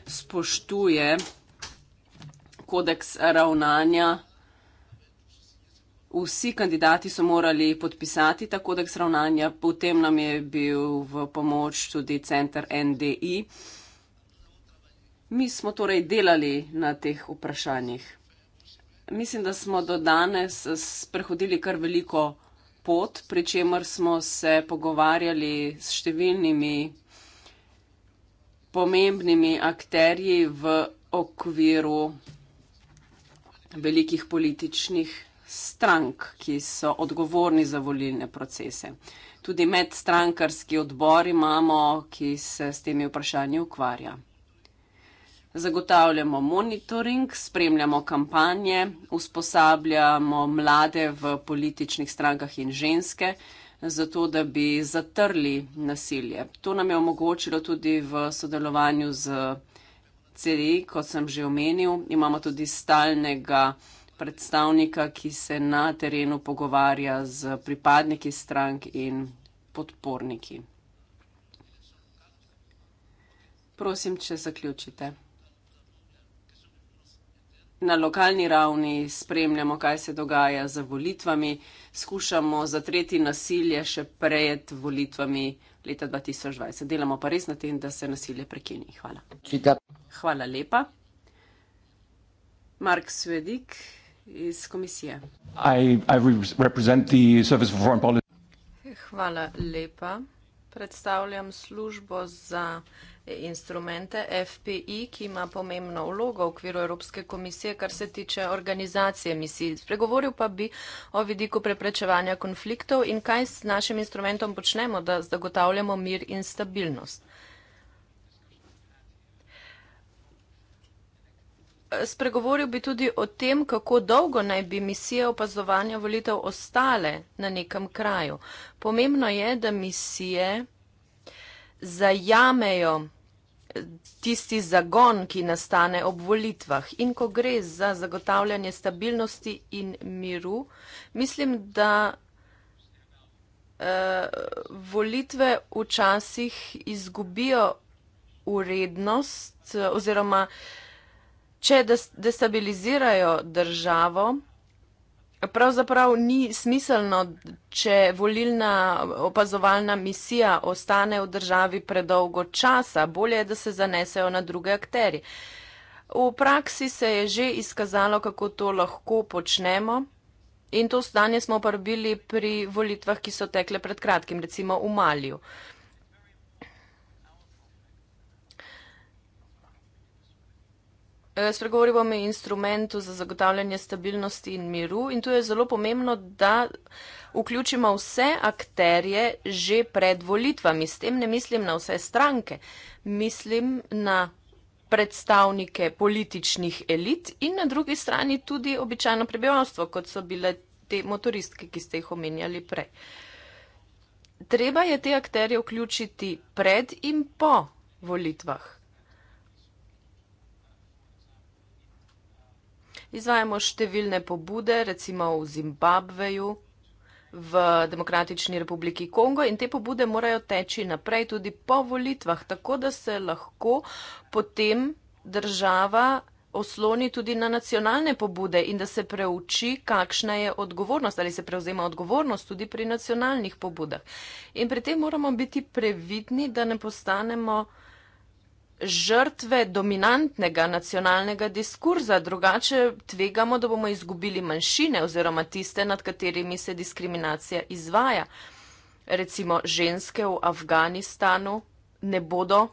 spoštuje kodeks ravnanja. Vsi kandidati so morali podpisati ta kodeks ravnanja, potem nam je bil v pomoč tudi center NDI mi smo torej delali na teh vprašanjih. Mislim, da smo do danes prehodili kar veliko pot, pri čemer smo se pogovarjali s številnimi pomembnimi akterji v okviru velikih političnih strank, ki so odgovorni za volilne procese. Tudi medstrankarski odbor imamo, ki se s temi vprašanji ukvarja zagotavljamo monitoring, spremljamo kampanje, usposabljamo mlade v političnih strankah in ženske, zato da bi zatrli nasilje. To nam je omogočilo tudi v sodelovanju z CDI, kot sem že omenil. Imamo tudi stalnega predstavnika, ki se na terenu pogovarja z pripadniki strank in podporniki. Prosim, če zaključite na lokalni ravni spremljamo, kaj se dogaja z volitvami, skušamo zatreti nasilje še pred volitvami leta 2020. Delamo pa res na tem, da se nasilje prekini. Hvala. Čita. Hvala lepa. Mark Svedik iz komisije. I, I Hvala lepa predstavljam službo za instrumente FPI, ki ima pomembno vlogo v okviru Evropske komisije, kar se tiče organizacije misij. Spregovoril pa bi o vidiku preprečevanja konfliktov in kaj s našim instrumentom počnemo, da zagotavljamo mir in stabilnost. spregovoril bi tudi o tem, kako dolgo naj bi misije opazovanja volitev ostale na nekem kraju. Pomembno je, da misije zajamejo tisti zagon, ki nastane ob volitvah. In ko gre za zagotavljanje stabilnosti in miru, mislim, da eh, volitve včasih izgubijo urednost eh, oziroma eh, če destabilizirajo državo, pravzaprav ni smiselno, če volilna opazovalna misija ostane v državi predolgo časa, bolje je, da se zanesejo na druge akteri. V praksi se je že izkazalo, kako to lahko počnemo. In to stanje smo uporabili pri volitvah, ki so tekle pred kratkim, recimo v Maliju. Eh, Spregovorimo o instrumentu za zagotavljanje stabilnosti in miru in tu je zelo pomembno, da vključimo vse akterje že pred volitvami. S tem ne mislim na vse stranke, mislim na predstavnike političnih elit in na drugi strani tudi običajno prebivalstvo, kot so bile te motoristke, ki ste jih omenjali prej. Treba je te akterje vključiti pred in po volitvah. izvajamo številne pobude, recimo v Zimbabveju, v Demokratični republiki Kongo in te pobude morajo teči naprej tudi po volitvah, tako da se lahko potem država osloni tudi na nacionalne pobude in da se preuči, kakšna je odgovornost ali se prevzema odgovornost tudi pri nacionalnih pobudah. In pri tem moramo biti previdni, da ne postanemo žrtve dominantnega nacionalnega diskurza, drugače tvegamo, da bomo izgubili manjšine oziroma tiste, nad katerimi se diskriminacija izvaja. Recimo ženske v Afganistanu ne bodo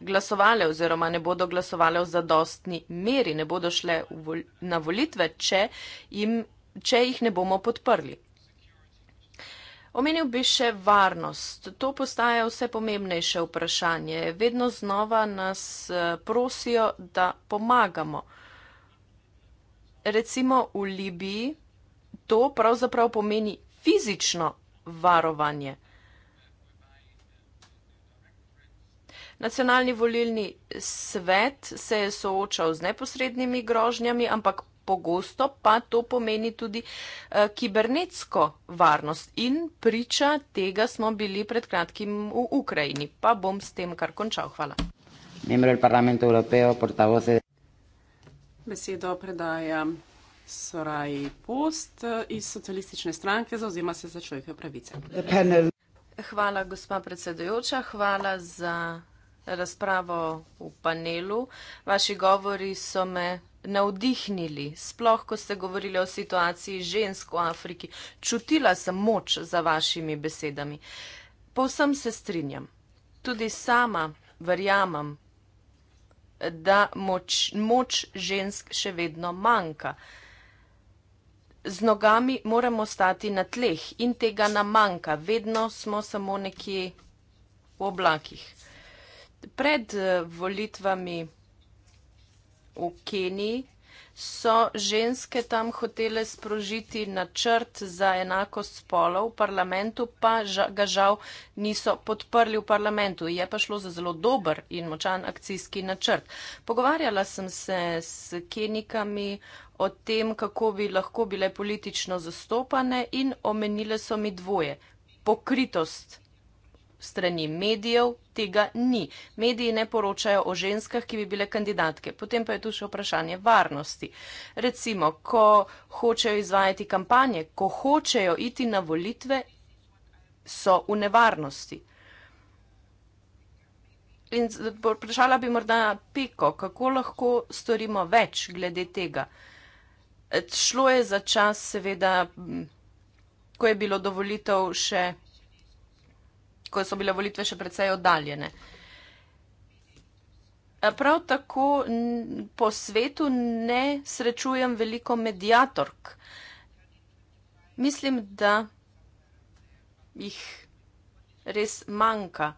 glasovale oziroma ne bodo glasovale v zadostni meri, ne bodo šle vol na volitve, če, jim, če jih ne bomo podprli. Omenil bi še varnost. To postaja vse pomembnejše vprašanje. Vedno znova nas eh, prosijo, da pomagamo. Recimo v Libiji to pravzaprav pomeni fizično varovanje. Nacionalni volilni svet se je soočal z neposrednimi grožnjami, ampak pogosto pa to pomeni tudi uh, kibernetsko varnost in priča tega smo bili pred kratkim v Ukrajini. Pa bom s tem kar končal. Hvala. Besedo predaja Soraj Post eh, iz socialistične stranke zauzema se za človekove pravice. Hvala, gospa predsedujoča, hvala za razpravo v panelu. Vaši govori so me navdihnili, sploh ko ste govorili o situaciji žensk v Afriki. Čutila sem moč za vašimi besedami. Povsem se strinjam. Tudi sama verjamem, da moč, moč žensk še vedno manjka. Z nogami moramo stati na tleh in tega nam manjka. Vedno smo samo nekje v oblakih. Pred eh, volitvami v Keniji, so ženske tam hotele sprožiti načrt za enakost spolov, v parlamentu pa ga žal niso podprli v parlamentu. Je pa šlo za zelo dober in močan akcijski načrt. Pogovarjala sem se s kenikami o tem, kako bi lahko bile politično zastopane in omenile so mi dvoje. Pokritost strani medijev tega ni. Mediji ne poročajo o ženskah, ki bi bile kandidatke. Potem pa je tu še vprašanje varnosti. Recimo, ko hočejo izvajati kampanje, ko hočejo iti na volitve, so v nevarnosti. In vprašala bi morda Piko, kako lahko storimo več glede tega. Šlo je za čas, seveda, ko je bilo dovolitev še ko so bile volitve še precej oddaljene. Prav tako po svetu ne srečujem veliko medijatork. Mislim, da jih res manjka.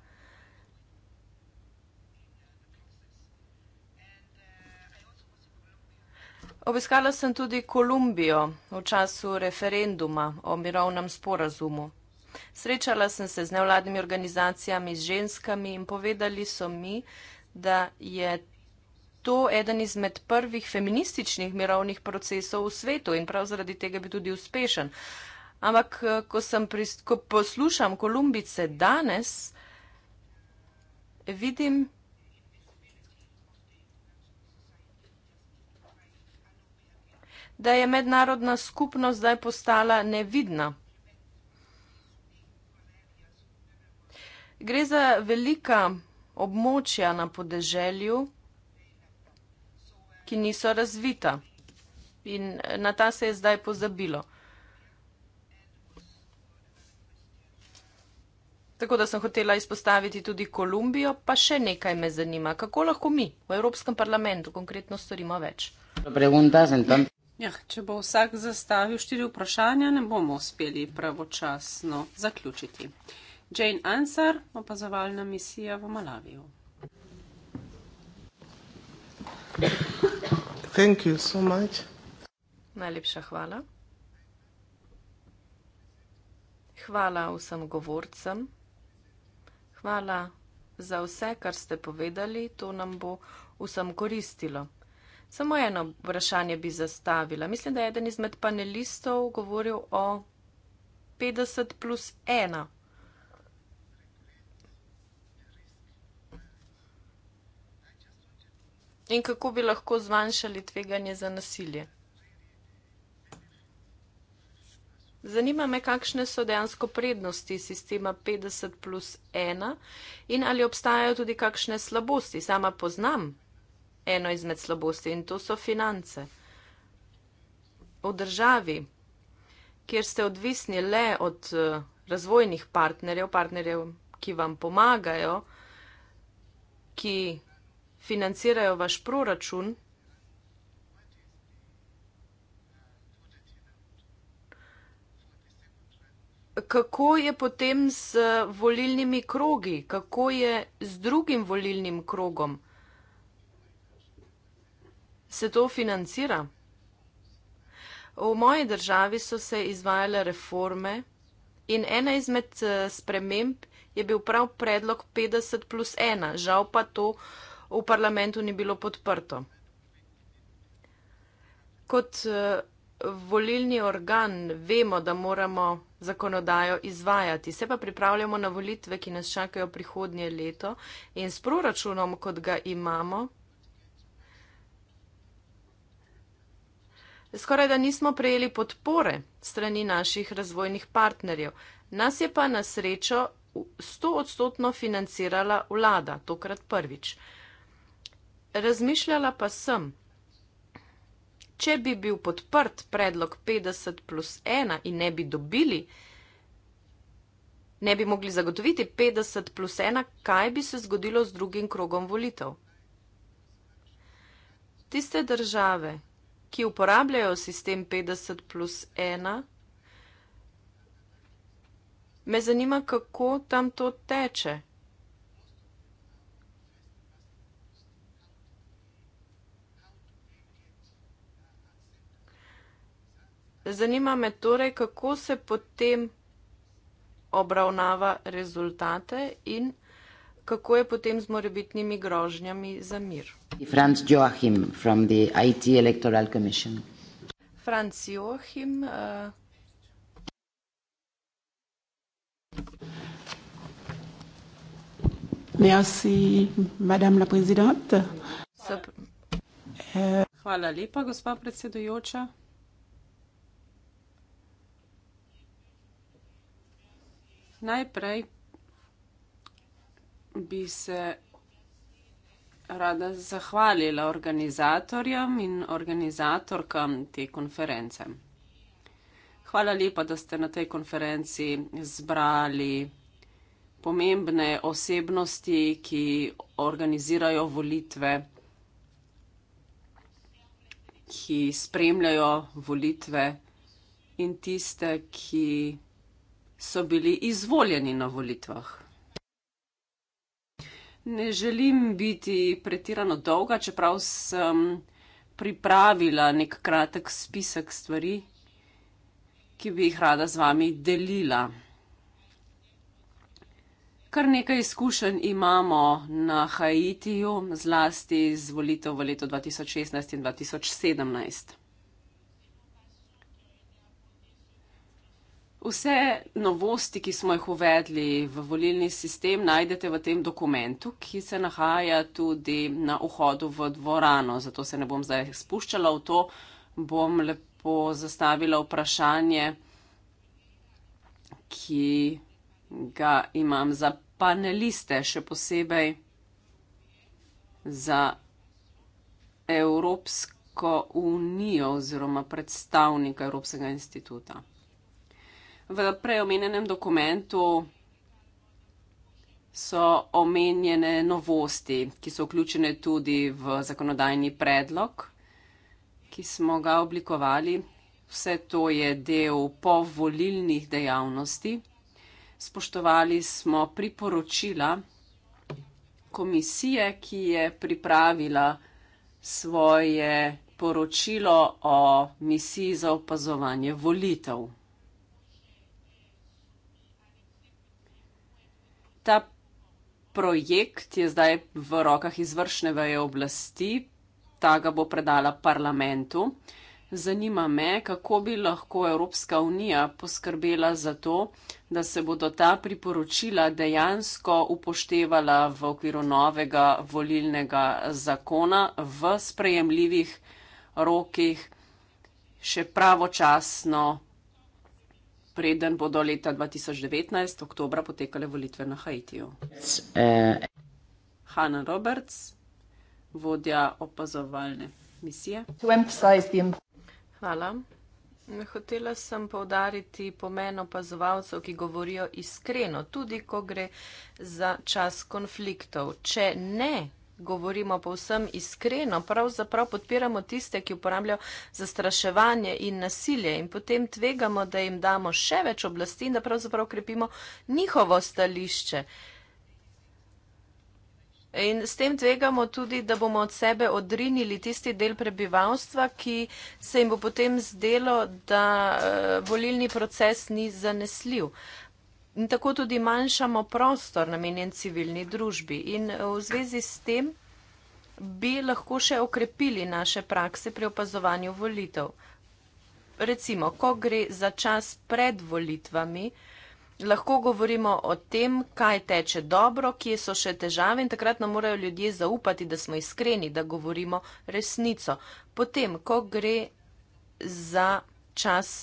Obiskala sem tudi Kolumbijo v času referenduma o mirovnem sporazumu. Srečala sem se z nevladnimi organizacijami, z ženskami in povedali so mi, da je to eden izmed prvih feminističnih mirovnih procesov v svetu in prav zaradi tega bi tudi uspešen. Ampak, eh, ko, pri, ko poslušam Kolumbice danes, vidim, da je mednarodna skupnost zdaj postala nevidna. Gre za velika območja na podeželju, ki niso razvita. In eh, na ta se je zdaj pozabilo. Tako da sem hotela izpostaviti tudi Kolumbijo, pa še nekaj me zanima. Kako lahko mi v Evropskem parlamentu konkretno storimo več? Ja, če bo vsak zastavil štiri vprašanja, ne bomo uspeli pravočasno zaključiti. Jane Ansar, opazovalna misija v Malaviju. Thank you so much. Najlepša hvala. Hvala vsem govorcem. Hvala za vse, kar ste povedali. To nam bo vsem koristilo. Samo eno vprašanje bi zastavila. Mislim, da je eden izmed panelistov govoril o 50 plus 1. In kako bi lahko zmanjšali tveganje za nasilje? Zanima me, kakšne so dejansko prednosti sistema 50 plus 1 in ali obstajajo tudi kakšne slabosti. Sama poznam eno izmed slabosti in to so finance. V državi, kjer ste odvisni le od eh, razvojnih partnerjev, partnerjev, ki vam pomagajo, ki financirajo vaš proračun, kako je potem z volilnimi krogi, kako je z drugim volilnim krogom? Se to financira? V moji državi so se izvajale reforme in ena izmed eh, sprememb je bil prav predlog 50 plus 1. Žal pa to v parlamentu ni bilo podprto. Kot eh, volilni organ vemo, da moramo zakonodajo izvajati. Se pa pripravljamo na volitve, ki nas čakajo prihodnje leto in s proračunom, kot ga imamo, skoraj da nismo prejeli podpore strani naših razvojnih partnerjev. Nas je pa na srečo 100 odstotno financirala vlada, tokrat prvič razmišljala pa sem, če bi bil podprt predlog 50 plus 1 in ne bi dobili, ne bi mogli zagotoviti 50 plus 1, kaj bi se zgodilo z drugim krogom volitev. Tiste države, ki uporabljajo sistem 50 plus 1, me zanima, kako tam to teče. Zanima me torej, kako se potem obravnava rezultate in kako je potem z morebitnimi grožnjami za mir. Franz Joachim, from the IT Electoral Commission. Franz Joachim. Uh... Merci, madame la présidente. Euh, Hvala lepa, gospa predsedujoča. Najprej bi se rada zahvalila organizatorjem in organizatorkam te konference. Hvala lepa, da ste na tej konferenci zbrali pomembne osebnosti, ki organizirajo volitve, ki spremljajo volitve in tiste, ki so bili izvoljeni na volitvah. Ne želim biti pretirano dolga, čeprav sem pripravila nek kratek spisek stvari, ki bi jih rada z vami delila. Kar nekaj izkušenj imamo na Haitiju, zlasti z volitev v letu 2016 in 2017. vse novosti, ki smo jih uvedli v volilni sistem, najdete v tem dokumentu, ki se nahaja tudi na vhodu v dvorano. Zato se ne bom zdaj spuščala v to, bom lepo zastavila vprašanje, ki ga imam za paneliste, še posebej za Evropsko unijo oziroma predstavnika Evropskega instituta v preomenjenem dokumentu so omenjene novosti, ki so vključene tudi v zakonodajni predlog, ki smo ga oblikovali. Vse to je del povolilnih dejavnosti. Spoštovali smo priporočila komisije, ki je pripravila svoje poročilo o misiji za opazovanje volitev. ta projekt je zdaj v rokah izvršne veje oblasti, ta ga bo predala parlamentu. Zanima me, kako bi lahko Evropska unija poskrbela za to, da se bodo ta priporočila dejansko upoštevala v okviru novega volilnega zakona v sprejemljivih rokih še pravočasno preden bodo leta 2019, oktobra, potekale volitve na Haitiju. Eh. Hanna Roberts, vodja opazovalne misije. Hvala. Hotela sem povdariti pomen opazovalcev, ki govorijo iskreno, tudi ko gre za čas konfliktov. Če ne govorimo povsem iskreno, pravzaprav podpiramo tiste, ki uporabljajo zastraševanje in nasilje in potem tvegamo, da jim damo še več oblasti in da pravzaprav krepimo njihovo stališče. In s tem tvegamo tudi, da bomo od sebe odrinili tisti del prebivalstva, ki se jim bo potem zdelo, da eh, volilni proces ni zanesljiv. In tako tudi manjšamo prostor namenjen civilni družbi. In eh, v zvezi s tem bi lahko še okrepili naše prakse pri opazovanju volitev. Recimo, ko gre za čas pred volitvami, lahko govorimo o tem, kaj teče dobro, kje so še težave in takrat nam morajo ljudje zaupati, da smo iskreni, da govorimo resnico. Potem, ko gre za čas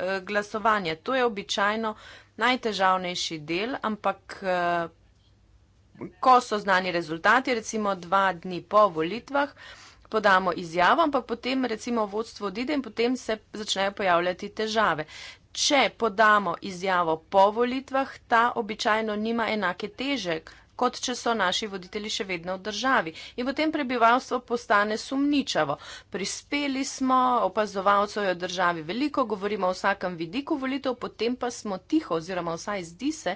Eh, glasovanje. To je običajno najtežavnejši del, ampak eh, ko so znani rezultati, recimo dva dni po volitvah, podamo izjavo, ampak potem recimo vodstvo odide in potem se začnejo pojavljati težave. Če podamo izjavo po volitvah, ta običajno nima enake težek kot če so naši voditelji še vedno v državi. In potem prebivalstvo postane sumničavo. Prispeli smo, opazovalcev je v državi veliko, govorimo o vsakem vidiku volitev, potem pa smo tiho, oziroma vsaj zdi se,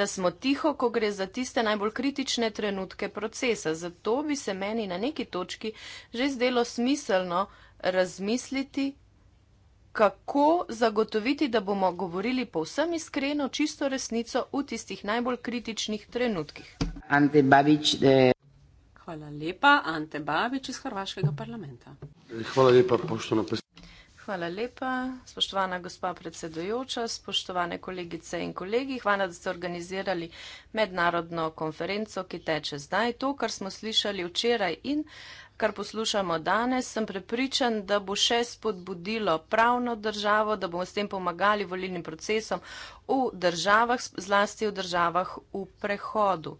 da smo tiho, ko gre za tiste najbolj kritične trenutke procesa. Zato bi se meni na neki točki že zdelo smiselno razmisliti, kako zagotoviti, da bomo govorili povsem iskreno, čisto resnico v tistih najbolj kritičnih trenutkih. Ante Babič, de... Eh. Hvala lepa, Ante Babič iz Hrvaškega parlamenta. Hvala lepa, poštovana predsednica. Hvala lepa, spoštovana gospa predsedujoča, spoštovane kolegice in kolegi. Hvala, da ste organizirali mednarodno konferenco, ki teče zdaj. To, kar smo slišali včeraj in uh, kar poslušamo danes, sem prepričan, da bo še spodbudilo pravno državo, da bomo s tem pomagali volilnim procesom v državah, zlasti v državah v prehodu.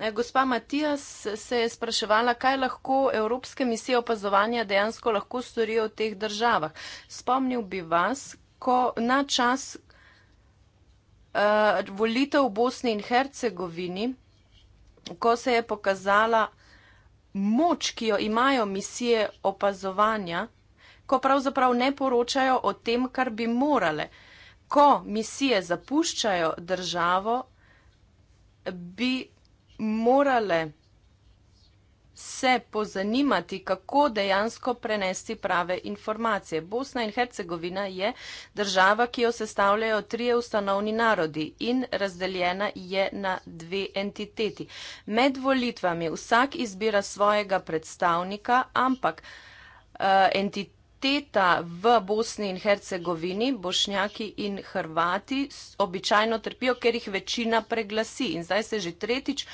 Eh, gospa Matijas se je spraševala, kaj lahko evropske misije opazovanja dejansko lahko storijo v teh državah. Spomnil bi vas, ko na čas uh, volitev v Bosni in Hercegovini, ko se je pokazala moč, ki jo imajo misije opazovanja, ko pravzaprav ne poročajo o tem, kar bi morale. Ko misije zapuščajo državo, bi morale se pozanimati, kako dejansko prenesti prave informacije. Bosna in Hercegovina je država, ki jo sestavljajo trije ustanovni narodi in razdeljena je na dve entiteti. Med volitvami vsak izbira svojega predstavnika, ampak uh, eh, entiteti. Teta v Bosni in Hercegovini, bošnjaki in hrvati običajno trpijo, ker jih večina preglasi. In zdaj se že tretjič uh,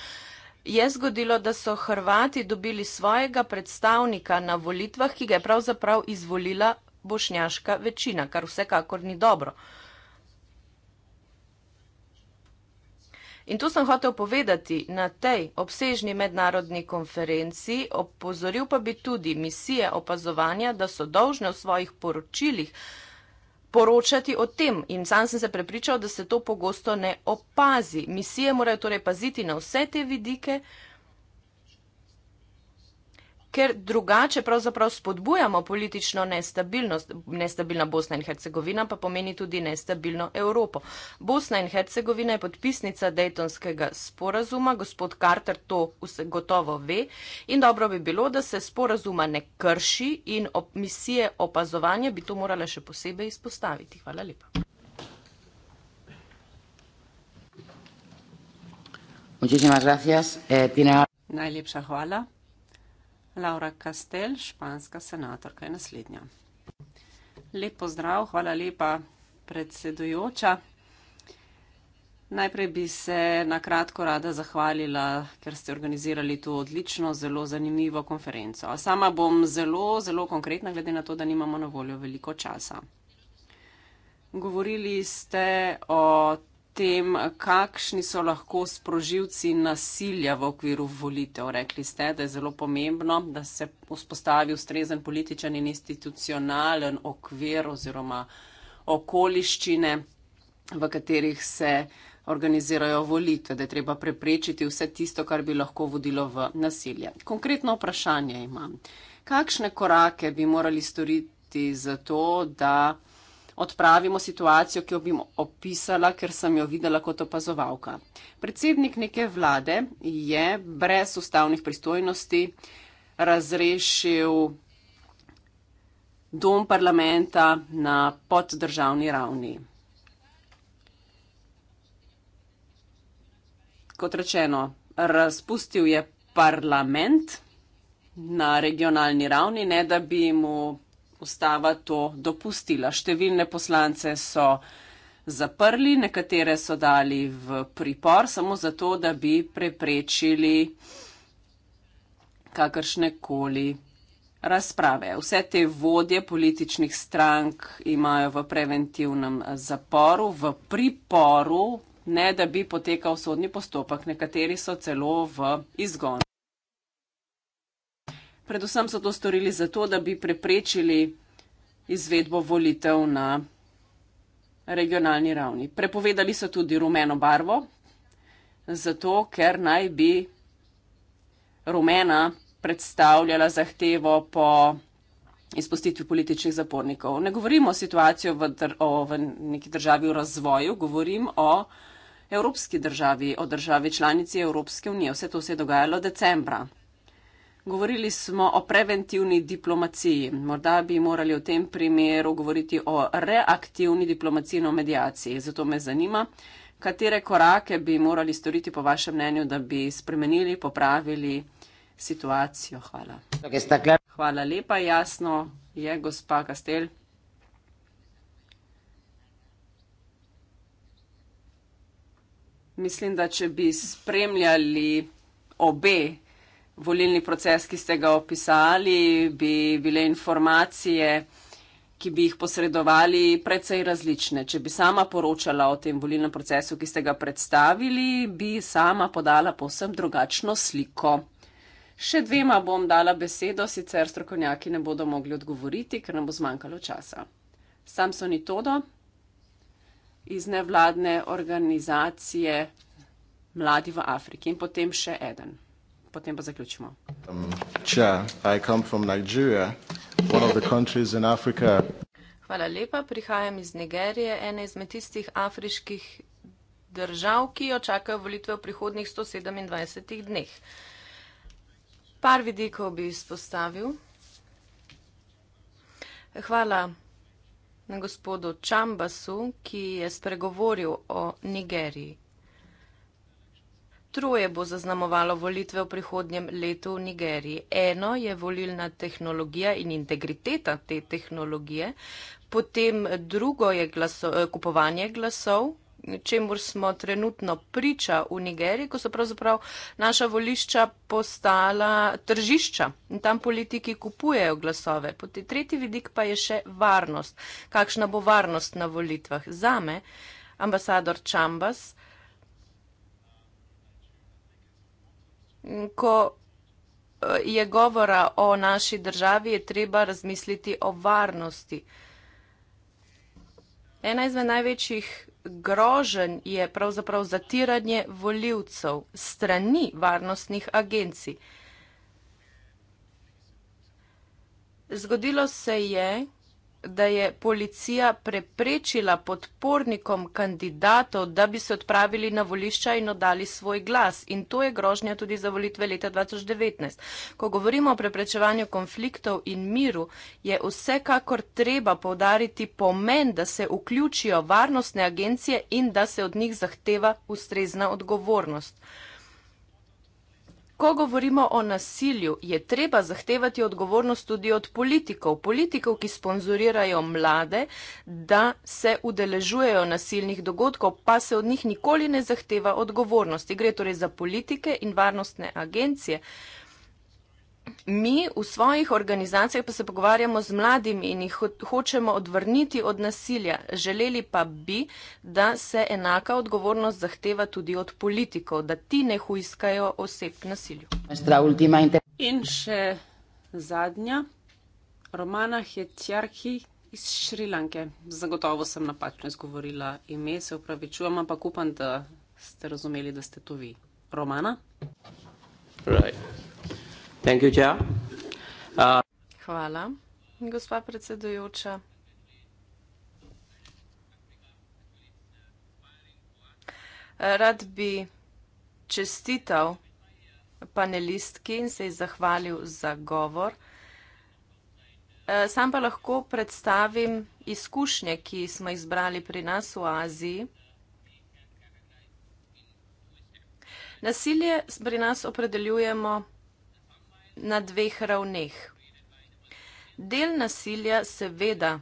je zgodilo, da so Hrvati dobili svojega predstavnika na volitvah, ki ga je pravzaprav izvolila bošnjaška večina, kar vsekakor ni dobro. In to sem hotel povedati na tej obsežni mednarodni konferenciji, opozoril pa bi tudi misije opazovanja, da so dolžne v svojih poročilih poročati o tem in sam sem se prepričal, da se to pogosto ne opazi. Misije morajo torej paziti na vse te vidike, ker drugače pravzaprav spodbujamo politično nestabilnost. Nestabilna Bosna in Hercegovina pa pomeni tudi nestabilno Evropo. Bosna in Hercegovina je podpisnica Daytonskega sporazuma, gospod Carter to vse gotovo ve in dobro bi bilo, da se sporazuma ne krši in ob misije opazovanja bi to morala še posebej izpostaviti. Hvala lepa. Muchísimas gracias. Eh, tiene... Najlepša hvala. Laura Castel, španska senatorka, je naslednja. Lepo zdrav, hvala lepa, predsedujoča. Najprej bi se na kratko rada zahvalila, ker ste organizirali to odlično, zelo zanimivo konferenco. Sama bom zelo, zelo konkretna, glede na to, da nimamo na voljo veliko časa. Govorili ste o tem, kakšni so lahko sprožilci nasilja v okviru volitev. Rekli ste, da je zelo pomembno, da se vzpostavi ustrezen političen in institucionalen okvir oziroma okoliščine, v katerih se organizirajo volitve, da je treba preprečiti vse tisto, kar bi lahko vodilo v nasilje. Konkretno vprašanje imam. Kakšne korake bi morali storiti za to, da odpravimo situacijo, ki jo bi opisala, ker sem jo videla kot opazovalka. Predsednik neke vlade je brez ustavnih pristojnosti razrešil dom parlamenta na poddržavni ravni. Kot rečeno, razpustil je parlament na regionalni ravni, ne da bi mu ustava to dopustila. Številne poslance so zaprli, nekatere so dali v pripor samo zato, da bi preprečili kakršne koli razprave. Vse te vodje političnih strank imajo v preventivnem zaporu, v priporu, ne da bi potekal sodni postopek, nekateri so celo v izgonu. Predvsem so to storili zato, da bi preprečili izvedbo volitev na regionalni ravni. Prepovedali so tudi rumeno barvo, zato ker naj bi rumena predstavljala zahtevo po izpustitvi političnih zapornikov. Ne govorim o situaciji v, dr o, v neki državi v razvoju, govorim o evropski državi, o državi članici Evropske unije. Vse to se je dogajalo decembra. Govorili smo o preventivni diplomaciji. Morda bi morali v tem primeru govoriti o reaktivni diplomaciji in o medijaciji. Zato me zanima, katere korake bi morali storiti po vašem mnenju, da bi spremenili, popravili situacijo. Hvala. Hvala lepa, jasno je, gospa Kastel. Mislim, da če bi spremljali obe volilni proces, ki ste ga opisali, bi bile informacije, ki bi jih posredovali, precej različne. Če bi sama poročala o tem volilnem procesu, ki ste ga predstavili, bi sama podala posebno drugačno sliko. Še dvema bom dala besedo, sicer strokovnjaki ne bodo mogli odgovoriti, ker nam bo zmanjkalo časa. Samson Itodo iz nevladne organizacije Mladi v Afriki in potem še eden potem pa zaključimo. Um, Hvala lepa, prihajam iz Nigerije, ene izmed tistih afriških držav, ki jo čakajo volitve v prihodnih 127 dneh. Par vidikov bi izpostavil. Hvala gospodu Čambasu, ki je spregovoril o Nigeriji. Troje bo zaznamovalo volitve v prihodnjem letu v Nigeriji. Eno je volilna tehnologija in integriteta te tehnologije, potem drugo je glaso, eh, kupovanje glasov, čemu smo trenutno priča v Nigeriji, ko so pravzaprav naša volišča postala tržišča in tam politiki kupujejo glasove. Potem tretji vidik pa je še varnost. Kakšna bo varnost na volitvah? Zame, ambasador Čambas, ko eh, je govora o naši državi, je treba razmisliti o varnosti. Ena izmed največjih groženj je pravzaprav zatiranje voljivcev strani varnostnih agencij. Zgodilo se je, da je policija preprečila podpornikom kandidatov, da bi se odpravili na volišča in oddali svoj glas. In to je grožnja tudi za volitve leta 2019. Ko govorimo o preprečevanju konfliktov in miru, je vsekakor treba povdariti pomen, da se vključijo varnostne agencije in da se od njih zahteva ustrezna odgovornost. Ko govorimo o nasilju, je treba zahtevati odgovornost tudi od politikov. Politikov, ki sponzorirajo mlade, da se udeležujejo nasilnih dogodkov, pa se od njih nikoli ne zahteva odgovornosti. Gre torej za politike in varnostne agencije mi v svojih organizacijah pa se pogovarjamo z mladimi in jih hočemo odvrniti od nasilja. Želeli pa bi, da se enaka odgovornost zahteva tudi od politikov, da ti ne huiskajo oseb nasilju. In še zadnja, Romana Hetjarki iz Šrilanke. Zagotovo sem napačno izgovorila ime, se upravičujem, ampak upam, da ste razumeli, da ste to vi. Romana? Right. Uh, Hvala, gospa predsedujoča. Rad bi čestital panelistki in se ji zahvalil za govor. Eh, sam pa lahko predstavim izkušnje, ki smo jih zbrali pri nas v Aziji. Nasilje pri nas opredeljujemo na dveh ravneh. Del nasilja seveda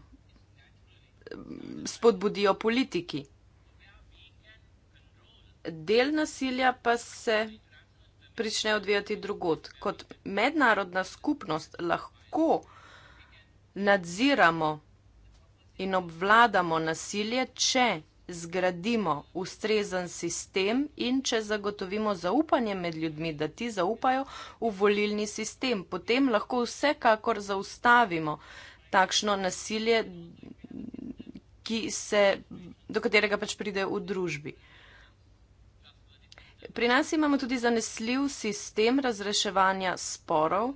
spodbudijo politiki. Del nasilja pa se prične odvijati drugot. Kot mednarodna skupnost lahko nadziramo in obvladamo nasilje, če nasilje zgradimo ustrezen sistem in če zagotovimo zaupanje med ljudmi, da ti zaupajo v volilni sistem, potem lahko vsekakor zaustavimo takšno nasilje, se, do katerega pač pride v družbi. Pri nas imamo tudi zanesljiv sistem razreševanja sporov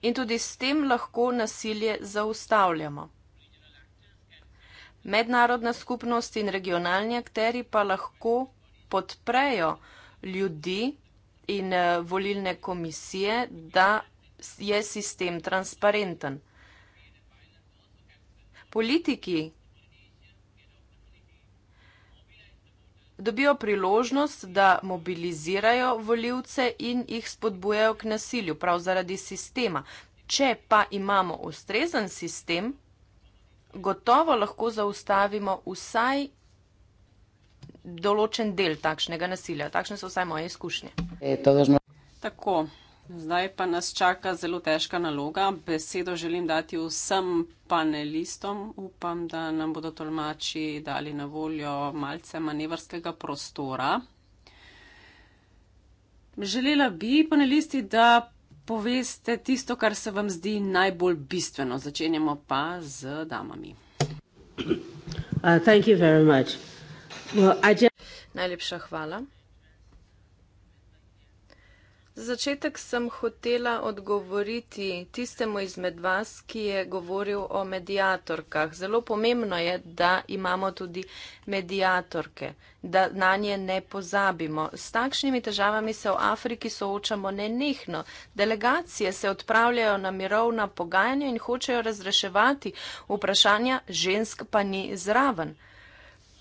in tudi s tem lahko nasilje zaustavljamo. Mednarodna skupnost in regionalni akteri pa lahko podprejo ljudi in eh, volilne komisije, da je sistem transparenten. Politiki dobijo priložnost, da mobilizirajo voljivce in jih spodbujajo k nasilju, prav zaradi sistema. Če pa imamo ustrezen sistem, gotovo lahko zaustavimo vsaj določen del takšnega nasilja. Takšne so vsaj moje izkušnje. E, Tako, zdaj pa nas čaka zelo težka naloga. Besedo želim dati vsem panelistom. Upam, da nam bodo tolmači dali na voljo malce manevrskega prostora. Želela bi panelisti, da poveste tisto, kar se vam zdi najbolj bistveno. Začenjamo pa z damami. Uh, well, just... Najlepša hvala. Za začetek sem hotela odgovoriti tistemu izmed vas, ki je govoril o medijatorkah. Zelo pomembno je, da imamo tudi medijatorke, da na nje ne pozabimo. S takšnimi težavami se v Afriki soočamo nenehno. Delegacije se odpravljajo na mirovna pogajanja in hočejo razreševati vprašanja, žensk pa ni zraven.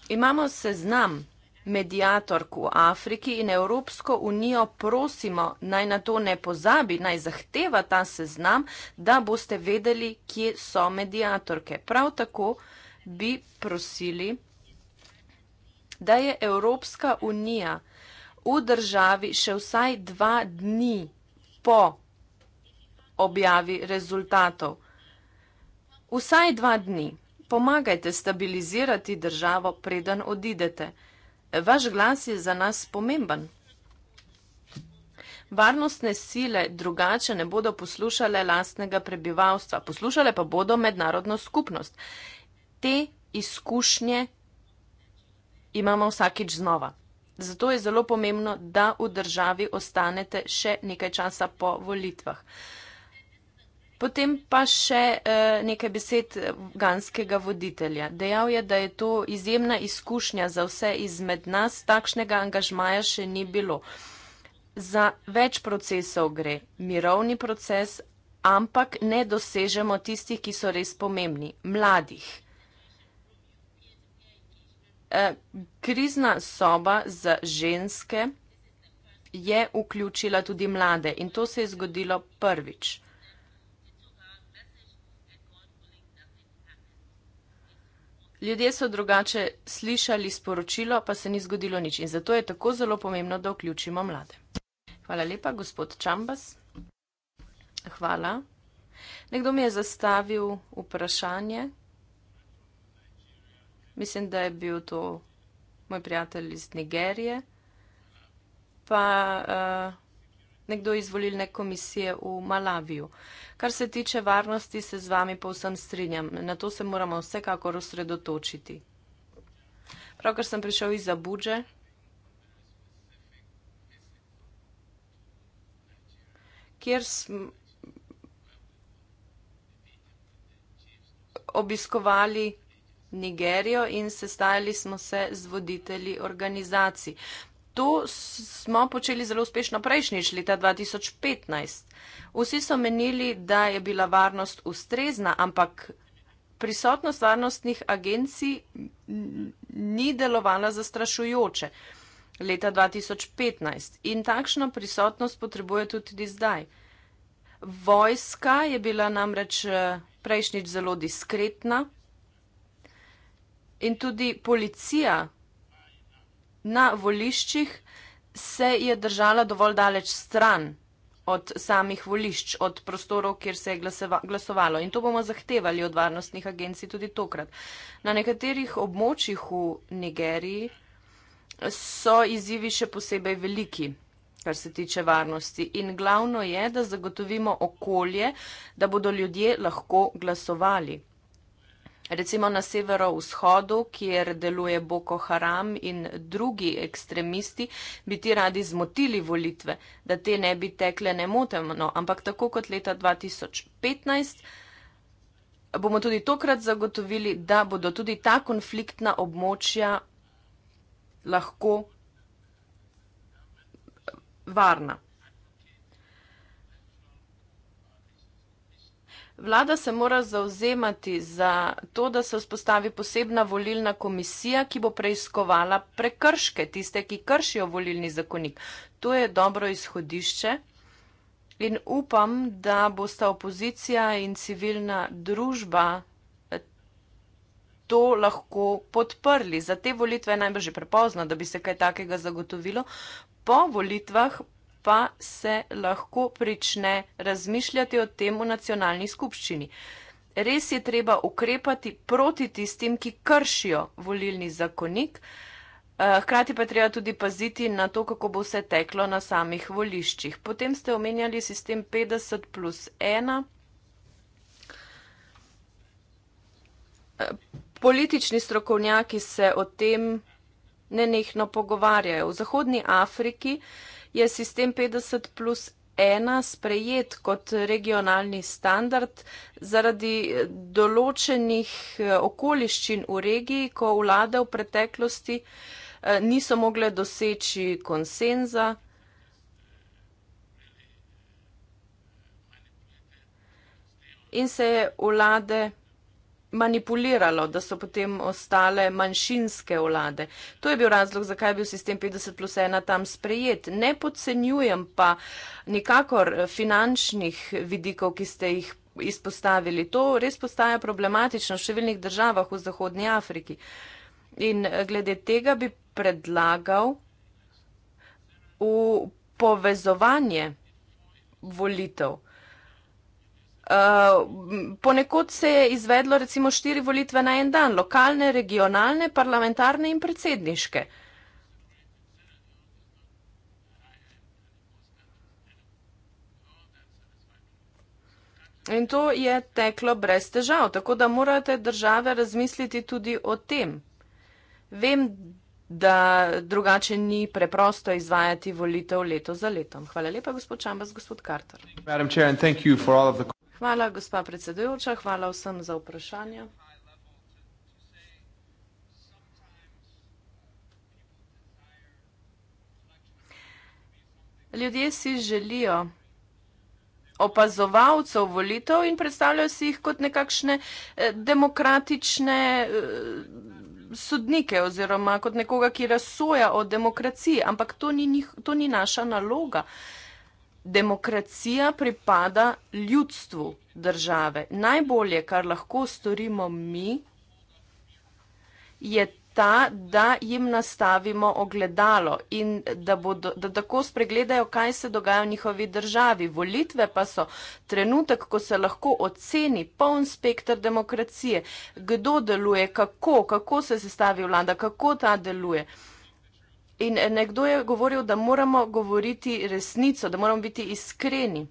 Imamo seznam mediatork v Afriki in Evropsko unijo prosimo, naj na to ne pozabi, naj zahteva ta seznam, da boste vedeli, kje so mediatorke. Prav tako bi prosili, da je Evropska unija v državi še vsaj dva dni po objavi rezultatov. Vsaj dva dni. Pomagajte stabilizirati državo, preden odidete. Vaš glas je za nas pomemben. Varnostne sile drugače ne bodo poslušale lastnega prebivalstva, poslušale pa bodo mednarodno skupnost. Te izkušnje imamo vsakič znova. Zato je zelo pomembno, da v državi ostanete še nekaj časa po volitvah. Potem pa še eh, nekaj besed eh, ganskega voditelja. Dejal je, da je to izjemna izkušnja za vse izmed nas, takšnega angažmaja še ni bilo. Za več procesov gre, mirovni proces, ampak ne dosežemo tistih, ki so res pomembni, mladih. Eh, krizna soba za ženske je vključila tudi mlade in to se je zgodilo prvič. ljudje so drugače slišali sporočilo, pa se ni zgodilo nič. In zato je tako zelo pomembno, da vključimo mlade. Hvala lepa, gospod Čambas. Hvala. Nekdo mi je zastavil vprašanje. Mislim, da je bil to moj prijatelj iz Nigerije. Pa. Uh, nekdo iz volilne komisije v Malaviju. Kar se tiče varnosti, se z vami povsem strinjam. Na to se moramo vsekakor osredotočiti. Pravkar sem prišel iz Abuđe. kjer smo obiskovali Nigerijo in sestajali smo se z voditelji organizacij to smo počeli zelo uspešno prejšnjič, leta 2015. Vsi so menili, da je bila varnost ustrezna, ampak prisotnost varnostnih agencij ni delovala zastrašujoče leta 2015 in takšno prisotnost potrebuje tudi zdaj. Vojska je bila namreč eh, prejšnjič zelo diskretna in tudi policija na voliščih se je držala dovolj daleč stran od samih volišč, od prostorov, kjer se je glaseva, glasovalo. In to bomo zahtevali od varnostnih agencij tudi tokrat. Na nekaterih območjih v Nigeriji so izzivi še posebej veliki, kar se tiče varnosti. In glavno je, da zagotovimo okolje, da bodo ljudje lahko glasovali recimo na severovzhodu, kjer deluje Boko Haram in drugi ekstremisti, bi ti radi zmotili volitve, da te ne bi tekle nemoteno, ampak tako kot leta 2015 bomo tudi tokrat zagotovili, da bodo tudi ta konfliktna območja lahko varna. Vlada se mora zauzemati za to, da se vzpostavi posebna volilna komisija, ki bo preiskovala prekrške, tiste, ki kršijo volilni zakonik. To je dobro izhodišče in upam, da bosta opozicija in civilna družba to lahko podprli. Za te volitve je najbrž prepozno, da bi se kaj takega zagotovilo. Po volitvah pa se lahko prične razmišljati o tem v nacionalni skupščini. Res je treba ukrepati proti tistim, ki kršijo volilni zakonik, eh, hkrati pa je treba tudi paziti na to, kako bo vse teklo na samih voliščih. Potem ste omenjali sistem 50 plus 1. Eh, politični strokovnjaki se o tem nenehno pogovarjajo. V Zahodni Afriki je sistem 50 plus 1 sprejet kot regionalni standard zaradi določenih eh, okoliščin v regiji, ko vlade v preteklosti eh, niso mogle doseči konsenza. In se je vlade manipuliralo, da so potem ostale manjšinske vlade. To je bil razlog, zakaj je bil sistem 50 plus 1 tam sprejet. Ne podcenjujem pa nikakor finančnih vidikov, ki ste jih izpostavili. To res postaja problematično v številnih državah v Zahodnji Afriki. In eh, glede tega bi predlagal v povezovanje volitev. Eh, ponekod se je izvedlo recimo štiri volitve na en dan, lokalne, regionalne, parlamentarne in predsedniške. In to je teklo brez težav, tako da morate države razmisliti tudi o tem. Vem, da drugače ni preprosto izvajati volitev leto za letom. Hvala lepa, gospod Čambas, gospod Carter. Hvala, gospa predsedujoča. Hvala vsem za vprašanja. Ljudje si želijo opazovalcev volitev in predstavljajo si jih kot nekakšne eh, demokratične eh, sodnike oziroma kot nekoga, ki razsoja o demokraciji, ampak to ni, njih, to ni naša naloga demokracija pripada ljudstvu države. Najbolje, kar lahko storimo mi, je ta, da jim nastavimo ogledalo in da, bodo, da tako spregledajo, kaj se dogaja v njihovi državi. Volitve pa so trenutek, ko se lahko oceni poln spektr demokracije, kdo deluje, kako, kako se sestavi vlada, kako ta deluje. In eh, nekdo je govoril, da moramo govoriti resnico, da moramo biti iskreni.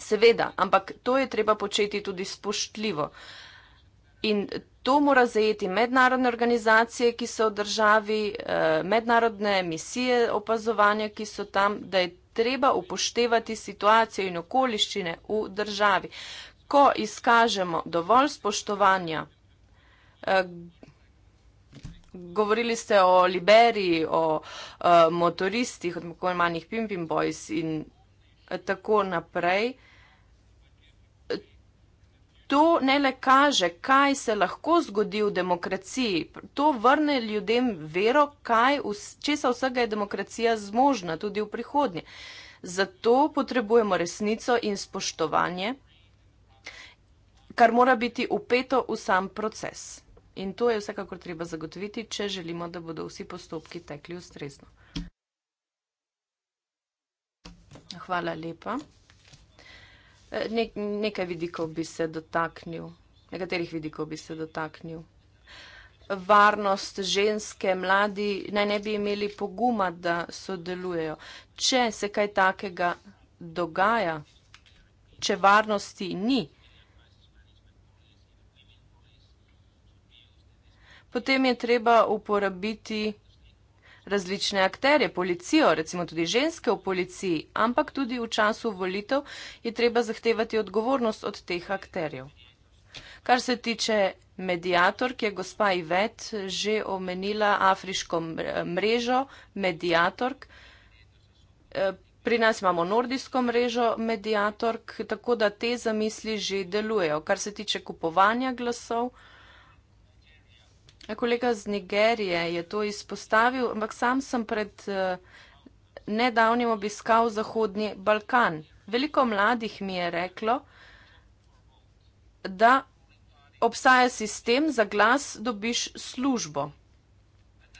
Seveda, ampak to je treba početi tudi spoštljivo. In to mora zajeti mednarodne organizacije, ki so v državi, eh, mednarodne misije opazovanja, ki so tam, da je treba upoštevati situacijo in okoliščine v državi. Ko izkažemo dovolj spoštovanja, eh, Govorili ste o Liberiji, o uh, motoristih, o tako imenih Pimpin Boys in eh, tako naprej. To ne le kaže, kaj se lahko zgodi v demokraciji, to vrne ljudem vero, kaj, česa vsega je demokracija zmožna tudi v prihodnje. Zato potrebujemo resnico in spoštovanje, kar mora biti upeto v sam proces. In to je vsekakor treba zagotoviti, če želimo, da bodo vsi postopki tekli ustrezno. Hvala lepa. E, ne, nekaj vidikov bi se dotaknil, nekaterih vidikov bi se dotaknil. Varnost ženske, mladi naj ne bi imeli poguma, da sodelujejo. Če se kaj takega dogaja, če varnosti ni, potem je treba uporabiti različne akterje, policijo, recimo tudi ženske v policiji, ampak tudi v času volitev je treba zahtevati odgovornost od teh akterjev. Kar se tiče medijator, ki je gospa Ivet že omenila afriško mrežo medijator, eh, pri nas imamo nordijsko mrežo medijator, tako da te zamisli že delujejo. Kar se tiče kupovanja glasov, Ja, kolega z Nigerije je to izpostavil, ampak sam sem pred eh, nedavnim obiskal Zahodni Balkan. Veliko mladih mi je reklo, da obstaja sistem za glas, dobiš službo.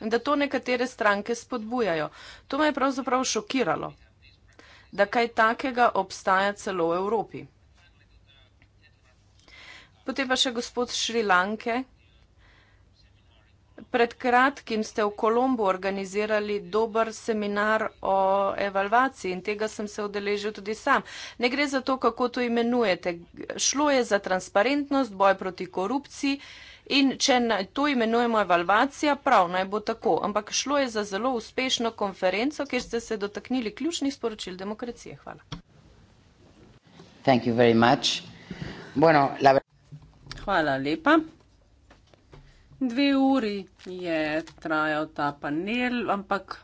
Da to nekatere stranke spodbujajo. To me je pravzaprav šokiralo, da kaj takega obstaja celo v Evropi. Potem pa še gospod Šrilanke, Pred kratkim ste v Kolombo organizirali dober seminar o evalvaciji in tega sem se odeležil tudi sam. Ne gre za to, kako to imenujete. Šlo je za transparentnost, boj proti korupciji in če to imenujemo evalvacija, prav naj bo tako. Ampak šlo je za zelo uspešno konferenco, kjer ste se dotaknili ključnih sporočil demokracije. Hvala. Hvala lepa. Dve uri je trajal ta panel, ampak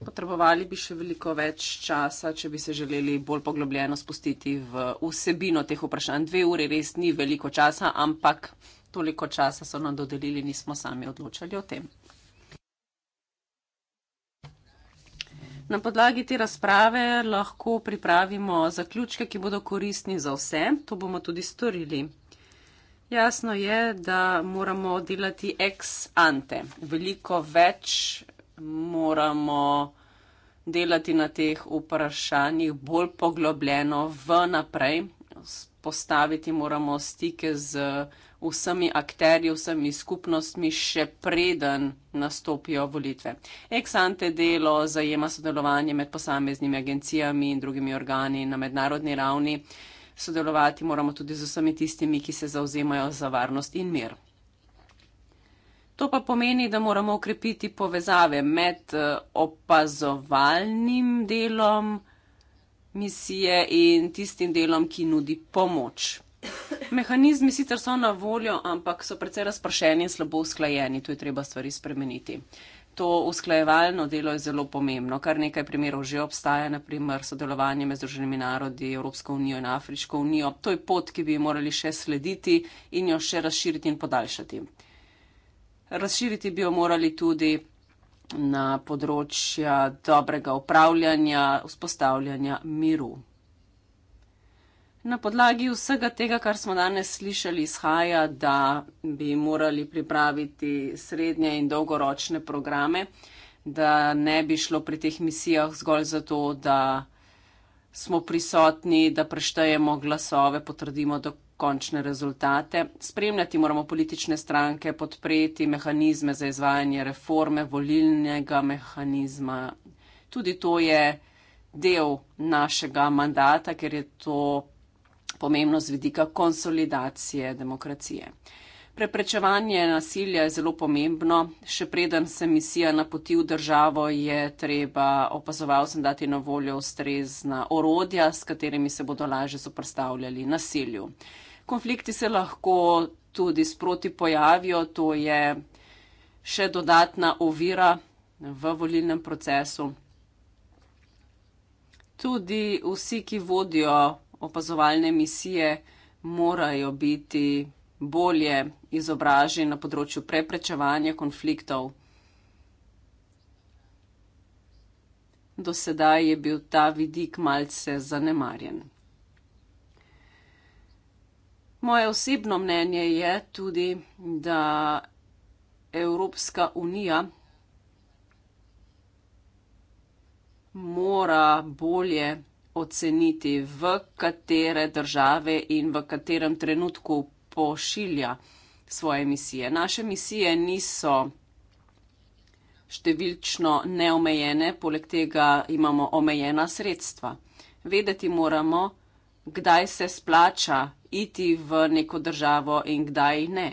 potrebovali bi še veliko več časa, če bi se želeli bolj poglobljeno spustiti v vsebino teh vprašanj. Dve uri res ni veliko časa, ampak toliko časa so nam dodelili, nismo sami odločali o tem. Na podlagi te razprave lahko pripravimo zaključke, ki bodo koristni za vse. To bomo tudi storili. Jasno je, da moramo delati ex ante. Veliko več moramo delati na teh vprašanjih, bolj poglobljeno vnaprej. Postaviti moramo stike z vsemi akterji, vsemi skupnostmi, še preden nastopijo volitve. Ex ante delo zajema sodelovanje med posameznimi agencijami in drugimi organi na mednarodni ravni sodelovati moramo tudi z vsemi tistimi, ki se zauzemajo za varnost in mir. To pa pomeni, da moramo ukrepiti povezave med eh, opazovalnim delom misije in tistim delom, ki nudi pomoč Mehanizmi sicer so na voljo, ampak so precej razpršeni in slabo usklajeni, tu je treba stvari spremeniti. To usklajevalno delo je zelo pomembno, kar nekaj primerov že obstaja, naprimer sodelovanje med Združenimi narodi, Evropsko unijo in Afriško unijo. To je pot, ki bi morali še slediti in jo še razširiti in podaljšati. Razširiti bi jo morali tudi na področja dobrega upravljanja, vzpostavljanja miru. Na podlagi vsega tega, kar smo danes slišali, izhaja, da bi morali pripraviti srednje in dolgoročne programe, da ne bi šlo pri teh misijah zgolj zato, da smo prisotni, da preštejemo glasove, potrdimo do končne rezultate. Spremljati moramo politične stranke, podpreti mehanizme za izvajanje reforme, volilnega mehanizma. Tudi to je del našega mandata, ker je to pomembno z vidika konsolidacije demokracije. Preprečevanje nasilja je zelo pomembno. Še preden se misija napoti v državo, je treba opazovalcem dati na voljo ustrezna orodja, s katerimi se bodo lažje soprstavljali nasilju. Konflikti se lahko tudi sproti pojavijo, to je še dodatna ovira v volilnem procesu. Tudi vsi, ki vodijo opazovalne misije morajo biti bolje izobraženi na področju preprečevanja konfliktov. Do sedaj je bil ta vidik malce zanemarjen. Moje osebno mnenje je tudi, da Evropska unija mora bolje oceniti, v katere države in v katerem trenutku pošilja svoje misije. Naše misije niso številčno neomejene, poleg tega imamo omejena sredstva. Vedeti moramo, kdaj se splača iti v neko državo in kdaj ne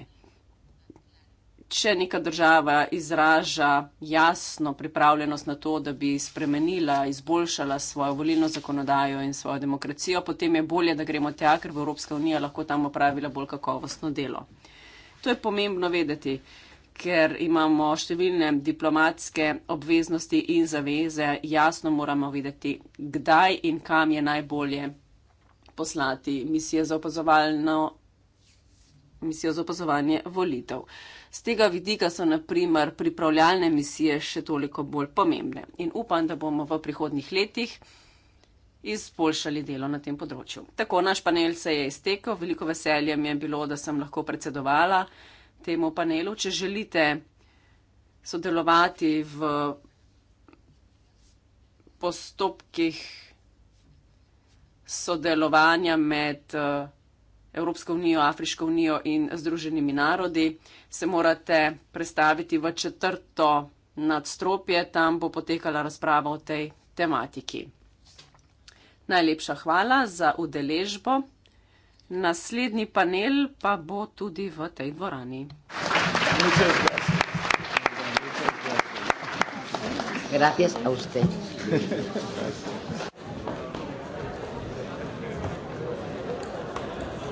če neka država izraža jasno pripravljenost na to, da bi spremenila, izboljšala svojo volilno zakonodajo in svojo demokracijo, potem je bolje, da gremo tja, ker bo Evropska unija lahko tam opravila bolj kakovostno delo. To je pomembno vedeti, ker imamo številne diplomatske obveznosti in zaveze, jasno moramo vedeti, kdaj in kam je najbolje poslati misije za opazovalno. Misijo za opazovanje volitev. Z tega vidika so naprimer pripravljalne misije še toliko bolj pomembne in upam, da bomo v prihodnih letih izboljšali delo na tem področju. Tako naš panel se je iztekel, veliko veselje mi je bilo, da sem lahko predsedovala temu panelu. Če želite sodelovati v postopkih sodelovanja med uh, Evropsko unijo, Afriško unijo in Združenimi narodi, se morate prestaviti v četrto nadstropje, tam bo potekala razprava o tej tematiki. Najlepša hvala za udeležbo. Naslednji panel pa bo tudi v tej dvorani. Gracias a usted.